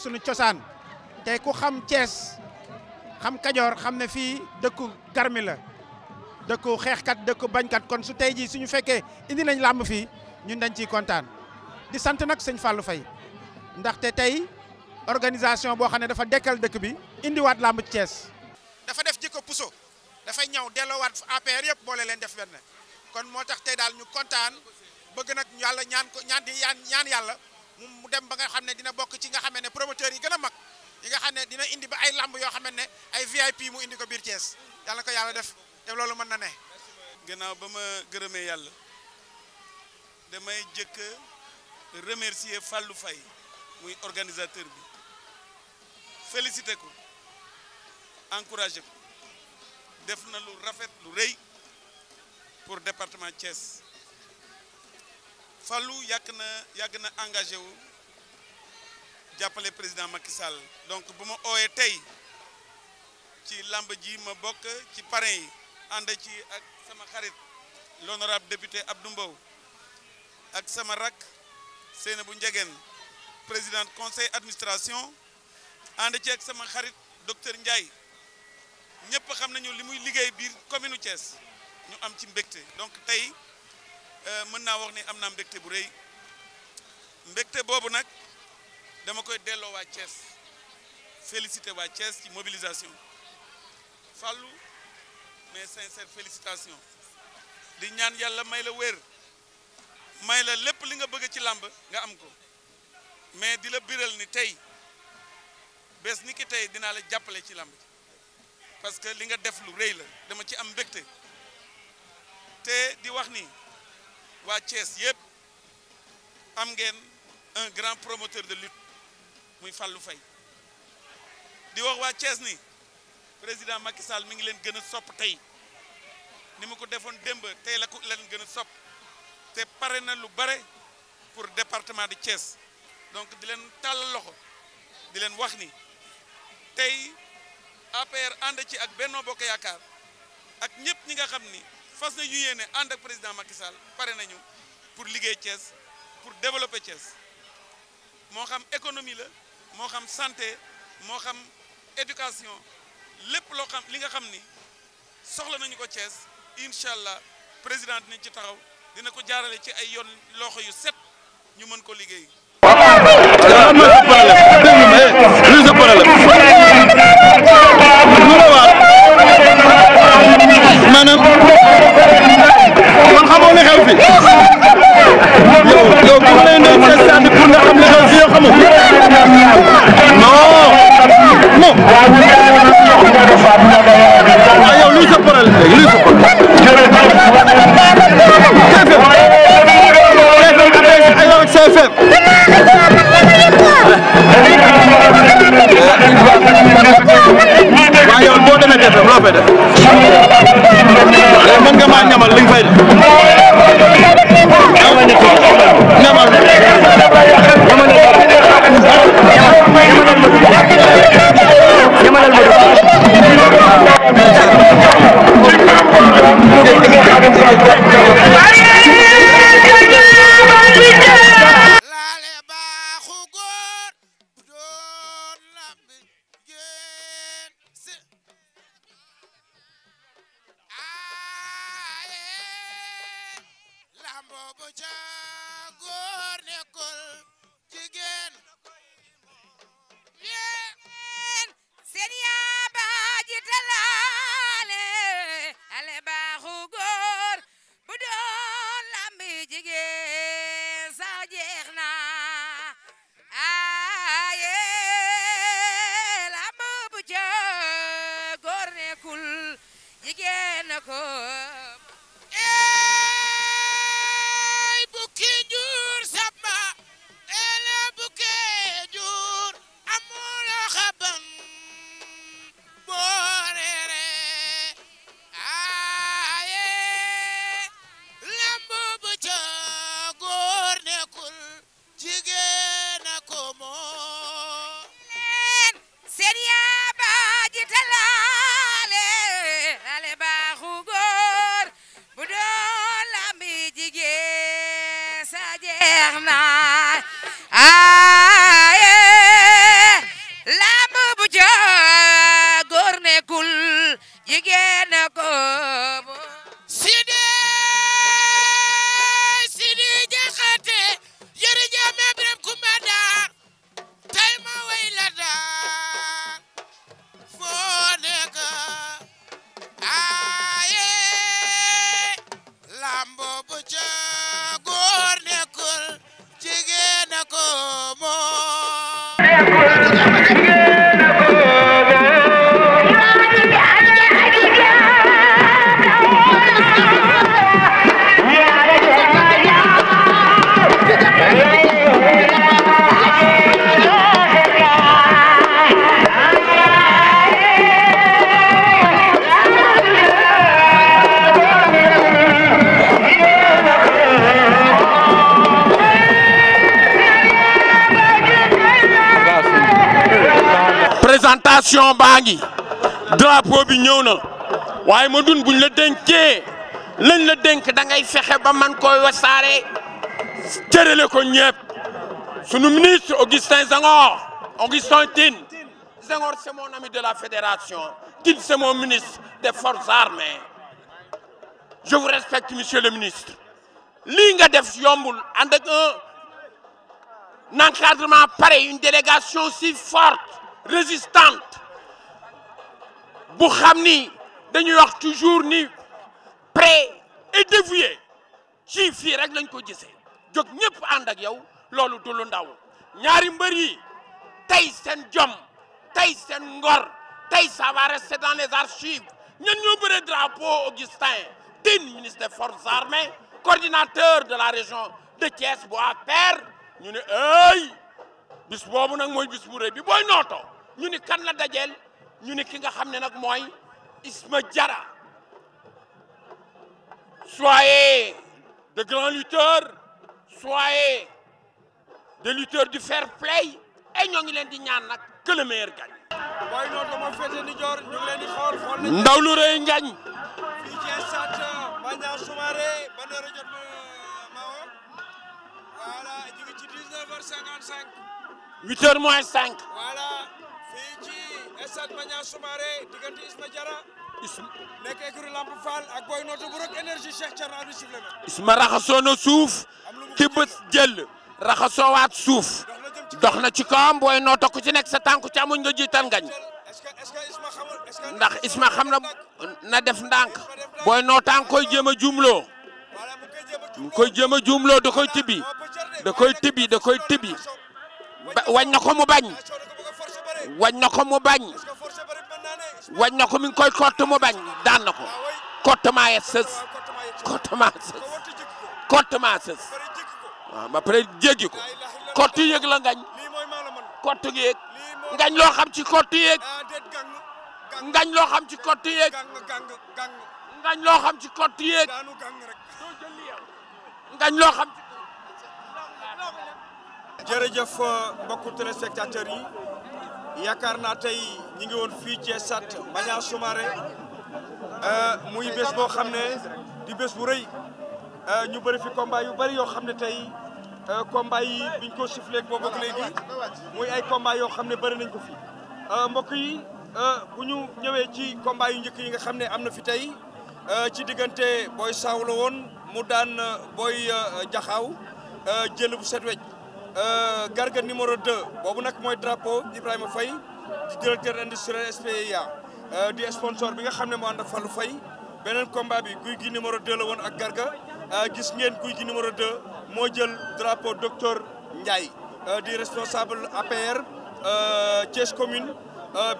suñu cosaan tey ku xam Cees xam Kajoor xam ne fii dëkku garmi la dëkku xeexkat dëkku bañkat kon su tey jii suñu fekkee indi nañ làmb fii ñun dañ ci kontaan di sant nag sëñ fàllu Faye ndaxte tey organisation boo xam ne dafa dekkal dëkk bi indiwaat làmb ci Cees dafa def jikko puso dafay ñëw delloowaat APR yëpp boole leen def benn kon moo tax tey daal ñu kontaan bëgg nag yàlla ñaan ko ñaan ñaan yàlla dem ba nga xam ne dina bokk ci nga xam ne promoteur yi gën a mag yi nga xam ne dina indi ba ay làmb yoo xam ne ay VIP mu indi ko biir Thiès yàlla ko yàlla def te loolu mën na ne. gannaaw ba ma gërëmee yàlla damay jëkk remercier Fallou fay muy organisateur bi félicité ko encouragé ko def na lu rafet lu rëy pour département Thiès Fallou yàgg na yàgg na engagé wu. jàppale président Macky Sall donc bu ma ooyee tey ci làmb ji ma bokk ci parrain yi ànd ci ak sama xarit l'honorable député Abdou Mbow ak sama rak bu Ndiéguène président conseil administration ànd ci ak sama xarit docteur Ndiaye ñëpp xam nañu li muy liggéey biir commune Thiès ñu am ci mbégte donc tey euh, mën naa wax ni am na mbégte bu rëy mbégte boobu nag dama koy delloo waa Thiès félicité waa Thiès ci mobilisation fàllu mes sincères félicitations di ñaan yàlla may la wér may la lépp li nga bëgg ci làmb nga am ko mais di la biral ni tey bés ni ki tey dinaa la jàppale ci làmb parce que li nga def lu rëy la dama ci am mbégte te di wax ni waa Thiès yëpp am ngeen un grand promoteur de lutte muy Fallou Faye di wax waa cees ni président Macky Sall mi ngi leen gën a sopp tey ni mu ko defoon démb tey la ko leen gën a sopp te pare na lu bare pour département de Thiès donc di leen tàllal loxo di leen wax ni tey APR ànd ci ak Benno Bokk Yaakaar ak ñëpp ñi nga xam ni fas na ñu yéene ànd ak président Macky pare nañu pour liggéey Thiès pour développer Thiès moo xam économie la moo xam santé moo xam éducation lépp loo xam li nga xam ni soxla nañu ko cees incha allah président dinañ ci taxaw dina ko jaarale ci ay yoon loxo yu set ñu mën ko liggéey. ngay fexe ba man koy wasaare jërale ko ñëpp sunu ministre Augustin Senghor Augustin Tine Senghor c'est mon ami de la fédération Tine c'est mon ministre des forces armées je vous respecte monsieur le ministre lii nga def yombul ànd ak un encadrement pareil une délégation si forte résistante bu xam ni dañuy wax toujours ni prêt et dévoué ci fii rek lañ ko gisee jóg ñëpp ànd ak yow loolu du ndaw ñaari mbër yi tey seen jom tey seen ngor tey ça va rester dans les archives ñun ñoo bëre drapeau Augustin Tine ministre des forces armées coordinateur de la région de Thiès bu APR ñu ne ay bis boobu nag mooy bis bu rëy bi booy nooto ñu ni kan la dajeel ñu ni ki nga xam ne nag mooy Isma Jara Soyez de grands lutteurs soyez des lutteurs du fair play et ñoo ngi di ñaan nag que le meilleur gagne. booy noonu ni joor ñu ngi leen di xool xool nañu. ndaw lu rëy ngañ. fii ci heure jot Mao voilà ñu ngi ci 19h55. 8h moins isma nekk écurie Lamp Fall ak Boy Noto bu rek énergie Cheikh Thierno Abdou Chiflé isma raxasoo na suuf tibbët jël raxasoowaat suuf dox na ci kawam Boy Noto ku ci nekk sa tànku ci amuñ nga jiital ngañ ndax isma xam na na def ndànk Boy Noto koy jéem a jumloo nga koy jéem a jumloo da koy tibbi da koy tibbi da koy tibbi ba wañ na ko mu bañ wañ na ko mu bañ wañ na ko mi ngi koy kott mu bañ daan na ko kott ma yet sës kott maa sës kott maa sës waaw ba pare jéggi ko kott yëg la ngañ kott gi ngañ loo xam ci kott yëg ngañ loo xam ci kott yëg ngañ loo xam ci kott yëg ngañ loo xam ci jërëjëf mbokku téléspectateurs yi yaakaar naa tey ñi ngi woon fii ci stade Maniang Soumaré euh, muy bés boo xam ne di bés bu rëy euh, ñu bëri fi combat yu bari yoo xam ne tey euh, combat yi biñ ko sifflé boobu ak léegi muy ay combat yoo xam ne bari nañ ko fi mbokk yi bu ñu ñëwee ci combat yu njëkk yi nga xam ne am na fi tey ci diggante booy saaw woon mu daan boy jaxaw jël bu set wecc Euh, garga numéro 2 boobu nag mooy drapeau Ibrahima Faye di directeur industriel SPIA euh, di sponsor bi nga xam ne moo ànd ak Fallou Faye beneen combat bi guy gi numéro 2 la woon ak garga euh, gis ngeen guy gi numéro 2 moo jël drapeau docteur Ndiaye di responsable APR Thiès commune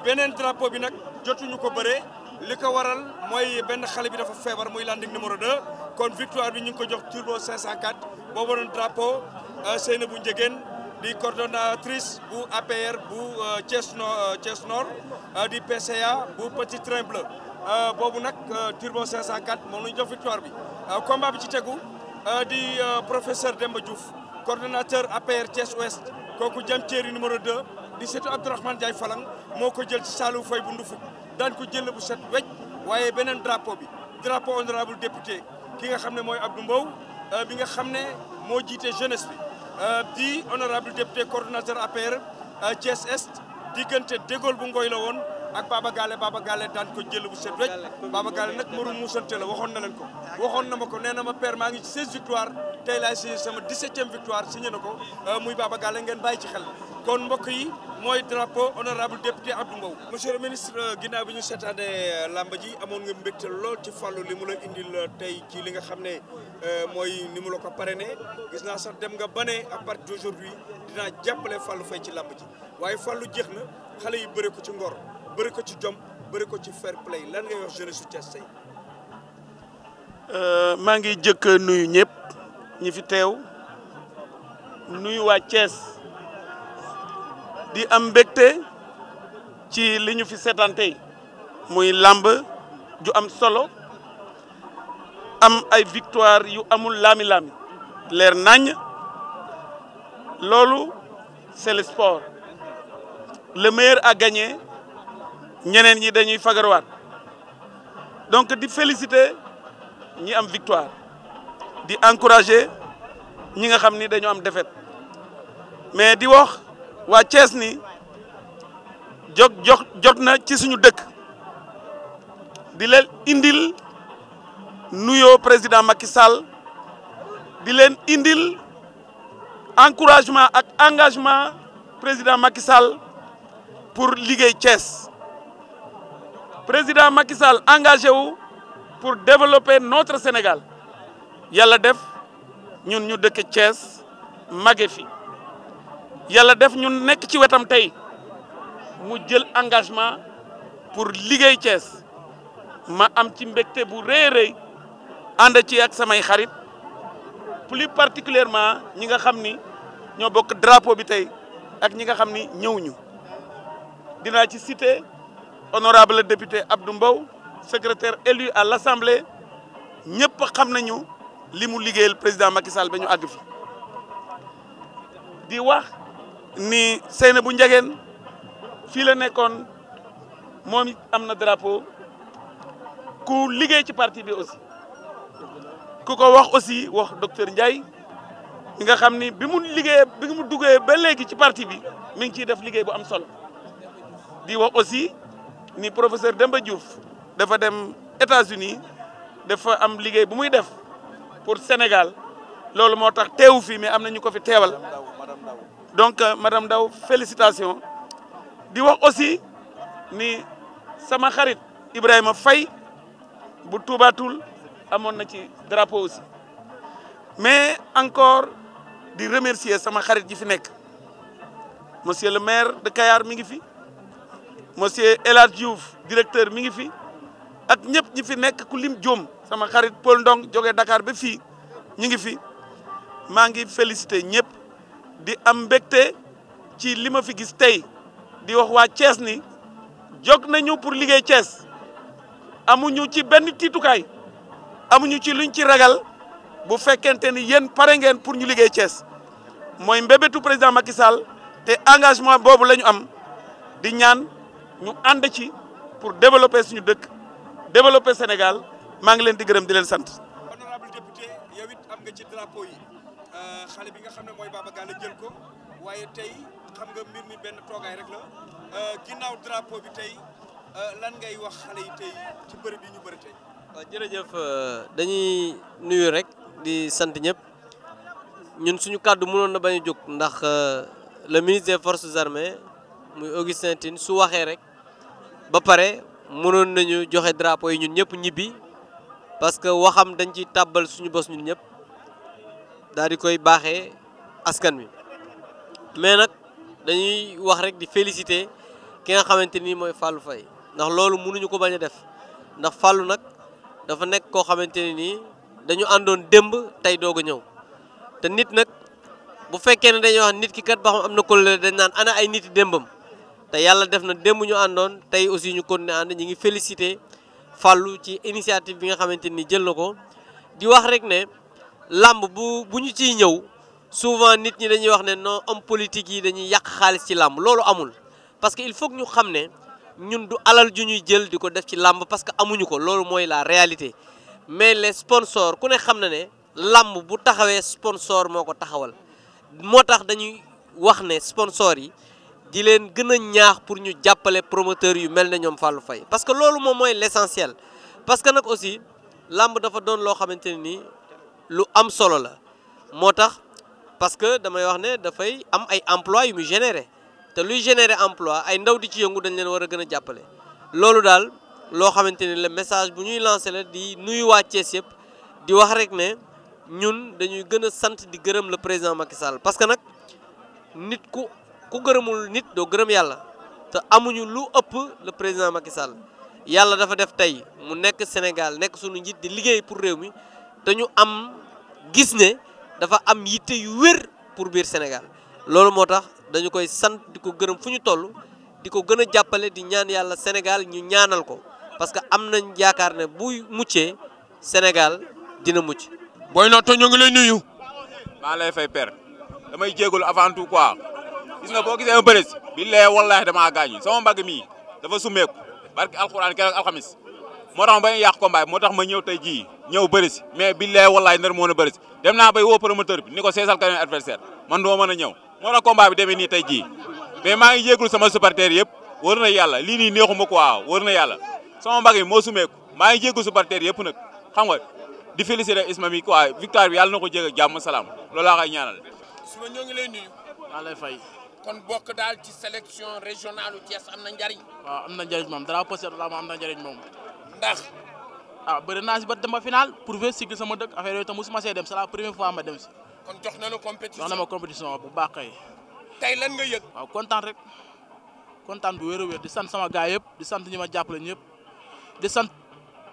beneen drapeau bi nag jotuñu ko bëree li ko waral mooy benn xale bi dafa feebar muy landing numéro 2 kon victoire bi ñu ko jox turbo 504 boobu doon drapeau bu Ndiéguène di coordonnatrice bu APR bu euh, euh, Thiès Nord Thiès euh, Nord di PCA bu Petit Train Bleu boobu nag Turbo 504 moom la ñu jox victoire bi combat bi ci tegu di professeur Demba Diouf coordonnateur APR Thiès Ouest kooku jam ceeri numéro 2 di setu Abdourahmane Diaye Falang moo ko jël ci Saalum Faye bu Ndufuk daan ko jël bu set wecc waaye beneen drapeau bi drapeau honorable député ki nga xam ne mooy Abdou Mbow bi nga xam ne moo jiite jeunesse bi Euh, di honorable député coordonnateur APR euh, Thiès Est diggante Dégol bu Ngoy la woon ak Baba Galle Baba Galle daan ko jël bu set wecc Baba Galle nag maru muusante la waxoon na leen ko waxoon na ma ko nee na ma père maa ngi ci 16 victoire tey laay signé sama 17e victoire signé na ko euh, muy Baba ngeen bàyyi ci xel kon mbokk yi mooy drapeau honorable député Abdou Mbow monsieur le ministre euh, ginaaw bi ñu seetaanee euh, làmb ji amoon nga mbégte lool ci fàllu li mu la indil tey ci li nga xam ne mooy ni mu la ko parrainé gis naa sax dem nga ba ne à dinaa jàppale fàllu fay ci làmb ji waaye fàllu jeex na xale yi bëre ko ci ngor bari ko ci jom bëri ko ci fair play lan ngay wax jeunesse su Thiès tey euh, maa ngi jëkk nuyu ñëpp ñi fi teew nuyu waa Thiès di am mbégte ci li ñu fi seetaan tey muy làmb ju am solo am ay victoire yu amul laami-laami leer nañ loolu c'est le sport le meilleur a ñeneen ñi dañuy fagarwaat donc di féliciter ñi am victoire di encourager ñi nga xam ni dañu am défaite mais di wax waa Thiès ni jog jog jot na ci suñu dëkk di leen indil nuyoo président Macky Sall di leen indil encouragement ak engagement président Macky Sall pour liggéey Thiès président Macky Sall engagé wu pour développer notre Sénégal yàlla def ñun ñu dëkk Thiès mage fi yàlla def ñu nekk ci wetam tey mu jël engagement pour liggéey Thiès ma am ci mbégte bu rëy rëy ànd ci ak samay xarit plus particulièrement ñi nga xam ni ñoo bokk drapeau bi tey ak ñi nga xam ni ñëw ñu dinaa ci citer honorable député Abdou Mbow secrétaire élu à l'Assemblée ñëpp xam nañu li mu liggéeyal président Macky Sall ba ñu àgg di wax ni bu Ndiagène fii la nekkoon moom it am na drapeau ku liggéey ci parti bi aussi ku ko wax aussi wax docteur Ndiaye mi nga xam ni bi mu liggéeyee bi mu duggee ba léegi ci parti bi mi ngi ciy def liggéey bu am solo di wax aussi ni professeur ba Diouf dafa dem États-Unis dafa am liggéey bu muy def pour Sénégal loolu moo tax teewu fii mais am na ñu ko fi teewal donc euh, madame Ndaw félicitations di wax aussi ni sama xarit Ibrahima fay bu tuubaatul amoon na ci drapeau aussi mais encore di remercier sama xarit ji fi nekk monsieur le maire de Kayar mi ngi fi monsieur El directeur mi ngi fi ak ñëpp ñi fi nekk ku lim sama xarit Paul Ndong jógee Dakar ba fii ñu ngi fi maa ngi félicité ñëpp di am mbégte ci li ma fi gis tey di wax waa Thiès ni jóg nañu pour liggéey Thiès amuñu ci benn tiitukaay amuñu ci luñ ci ragal bu fekkente ni yéen pare ngeen pour ñu liggéey Thiès mooy mbébétu président Macky Sall te engagement boobu la ñu am di ñaan. ñu ànd ci pour développer suñu dëkk développer Sénégal maa ngi leen di gërëm di leen sant. yow it am nga ci drapeau yi euh, xale bi nga xam ne mooy Baba Galla jël ko waaye tey xam nga mbir mi benn toogaay rek la euh, ginnaaw drapeau bi tey euh, lan ngay wax xale yi tey ci bëri bi ñu bëri tey. jërëjëf dañuy nuyu rek di sant ñëpp ñun suñu kàddu mënoon na bañ a jóg ndax le ministre des forces armées muy Augustin Tine su waxee rek. ba pare mënoon nañu joxe drapo yi ñun ñëpp ñibbi parce que waxam dañ ci tàbbal suñu bos ñun ñëpp daal di koy baaxee askan wi mais nag dañuy wax rek di féliciter ki nga xamante nii mooy Fallou Faye ndax loolu munuñu ko bañ a def ndax Fallou nag dafa nekk koo xamante ne nii dañu àndoon démb tey doog a ñëw te nit nag bu fekkee ne dañ wax nit ki kat ba xam am na kóllëre dañ naan ana ay nit démbam. te yàlla def na démb ñu àndoon tey aussi ñu continuer ànd ñu ngi félicité Fallou ci initiative bi nga xamante ni jël na ko di wax rek ne làmb bu bu ñu ciy ñëw souvent nit ñi dañuy wax ne non homme politique yi dañuy yàq xaalis ci làmb loolu amul parce que il faut ñu xam ne ñun du alal ju ñuy jël di ko def ci làmb parce que amuñu ko loolu mooy la réalité mais les sponsors ku ne xam na ne làmb bu taxawee sponsor moo ko taxawal moo tax dañuy wax ne sponsor yi di leen gën a ñaax pour ñu jàppale promoteur yu mel na ñoom Fallou Faye parce que loolu moom mooy l'essentiel parce nag aussi làmb dafa doon loo xamante ne nii lu am solo la moo tax parce que damay wax ne dafay am ay emploi yu muy générer te luy générer emploi ay ndaw di ci yëngu dañ leen war a gën a jàppale loolu daal loo xamante ni la message bu ñuy lancé la di nuyu waa Thiès yëpp di wax rek ne ñun dañuy gën a sant di gërëm la président Macky Sall parce que nag nit ku gërëmul nit doo gërëm yàlla te amuñu lu ëpp le président Macky yàlla dafa def tey mu nekk Sénégal nekk sunu njiit di liggéey pour réew mi te ñu am gis ne dafa am yitte yu wér pour biir Sénégal loolu moo tax dañu koy sant di ko gërëm fu ñu toll di ko gën a jàppale di ñaan yàlla Sénégal ñu ñaanal ko parce que am nañ yaakaar ne buy muccee Sénégal dina mucc. booy nattoo ñoo ngi lay nuyu. maa lay fay per damay jégalu avant tout gis nga boo gisee ma bëre si billahi wallahi damaa gaañu sama mbagg mii dafa summeeku barki alxuraan keroog alxamis moo tax ma bañ a yàq moo tax ma ñëw tey jii ñëw bëri si mais billahi wallahi nar moo na bëri dem naa bay woo promoteur bi ni ko seesal kanam adversaire man doo mën a ñëw moo tax combat deme nii tey jii mais maa ngi yéegul sama supporter yëpp wër na yàlla lii nii neexuma quoi wër na yàlla sama mbagg mi moo sumeeku maa ngi yéegul supporter yëpp nag xam nga di féliciter Isma mi quoi victoire bi yàlla na ko jég ak jàmm salaam loolu laa koy ñaanal. su ma ñoo ngi lay nuyu. maa kon bokk daal ci sélection régionale u am na njariñ waaw am na njariñ moom drapeau chef de la am na njariñ moom ndax ah bëri naa si ba dem ba final prouver cycle sama dëkk affaire yooyu tam mosuma see dem c'est la première fois ma dem si kon jox na la compétition jox na ma compétition bu baax kay tey lan nga yëg kontaan rek kontaan bu wér a di sant sama gaay yëpp di sant ñi ma jàppale ñëpp di sant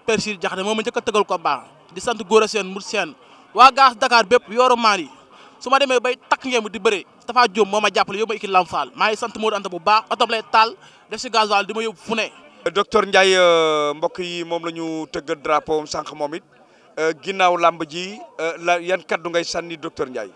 Persir Diakhaté moom ma njëkk a tëgal ko baax di sant góor a seen Mour Sène waa gaas Dakar bépp yooru maar su ma demee bay takk ngeem di bëre Tafa Diop moo ma jàppale yóbbu ma ikil Lamp Fall maa ngi sant Anta bu baax oto lay taal def si gasoil di ma yóbbu fu ne. docteur Ndiaye euh, mbokk yi moom la ñu tëgg drapeau sànq moom it euh, ginnaaw làmb ji euh, la yan kaddu ngay sanni docteur Ndiaye.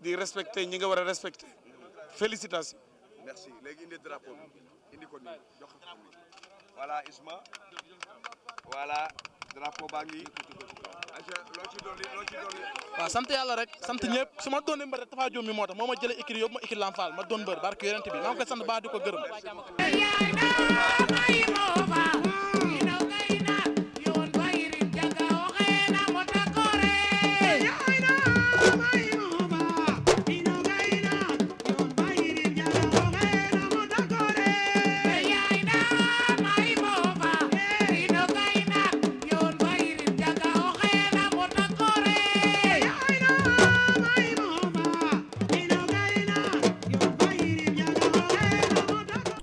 di respecter ñi nga war a respecter félicitations. merci léegi indi drapeau bi ko nii jox voilà Isma voilà drapeau baa ngi. loo ci dolli loo ci sant yàlla rek sant ñëpp su ma doonee mbër rek Tapha Diop mi moo tax moo ma jëlee écurie yóbbu ma écurie Lamp Fall ma doon mbër barke yonent bi maa ngi koy sant baa di ko gërëm.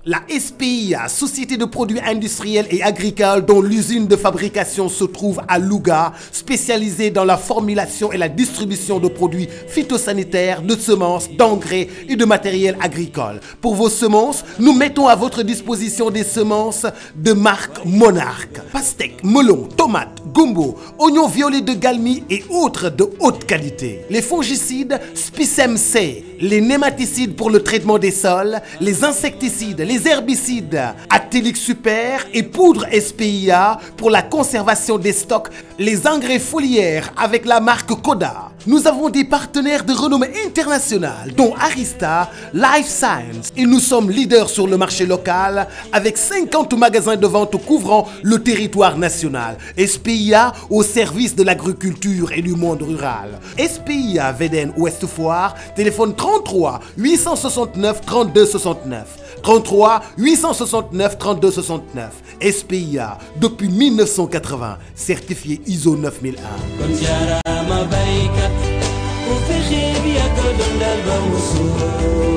La SPIA, société de produits industriels et agricoles dont l'usine de fabrication se trouve à Louga, spécialisée dans la formulation et la distribution de produits phytosanitaires, de semences, d'engrais et de matériel agricoles Pour vos semences, nous mettons à votre disposition des semences de marque Monarch. Pastèques, melons, tomates, gombo, oignons violets de Galmi et autres de haute qualité. Les fongicides Spicem C les nématicides pour le traitement des sols, les insecticides, les herbicides, Actélix Super et poudre SPIA pour la conservation des stocks, les engrais foliaires avec la marque Koda. Nous avons des partenaires de renommée internationale, dont Arista, Life Science. Et nous sommes leaders sur le marché local avec 50 magasins de vente couvrant le territoire national. SPIA au service de l'agriculture et du monde rural. SPIA VDN Ouest Foire, téléphone 33 869 32 69. 33 869 32 69 SPIA depuis 1980 certifié ISO 9001 kon jaaraama baykat bu fexe bi ak dundal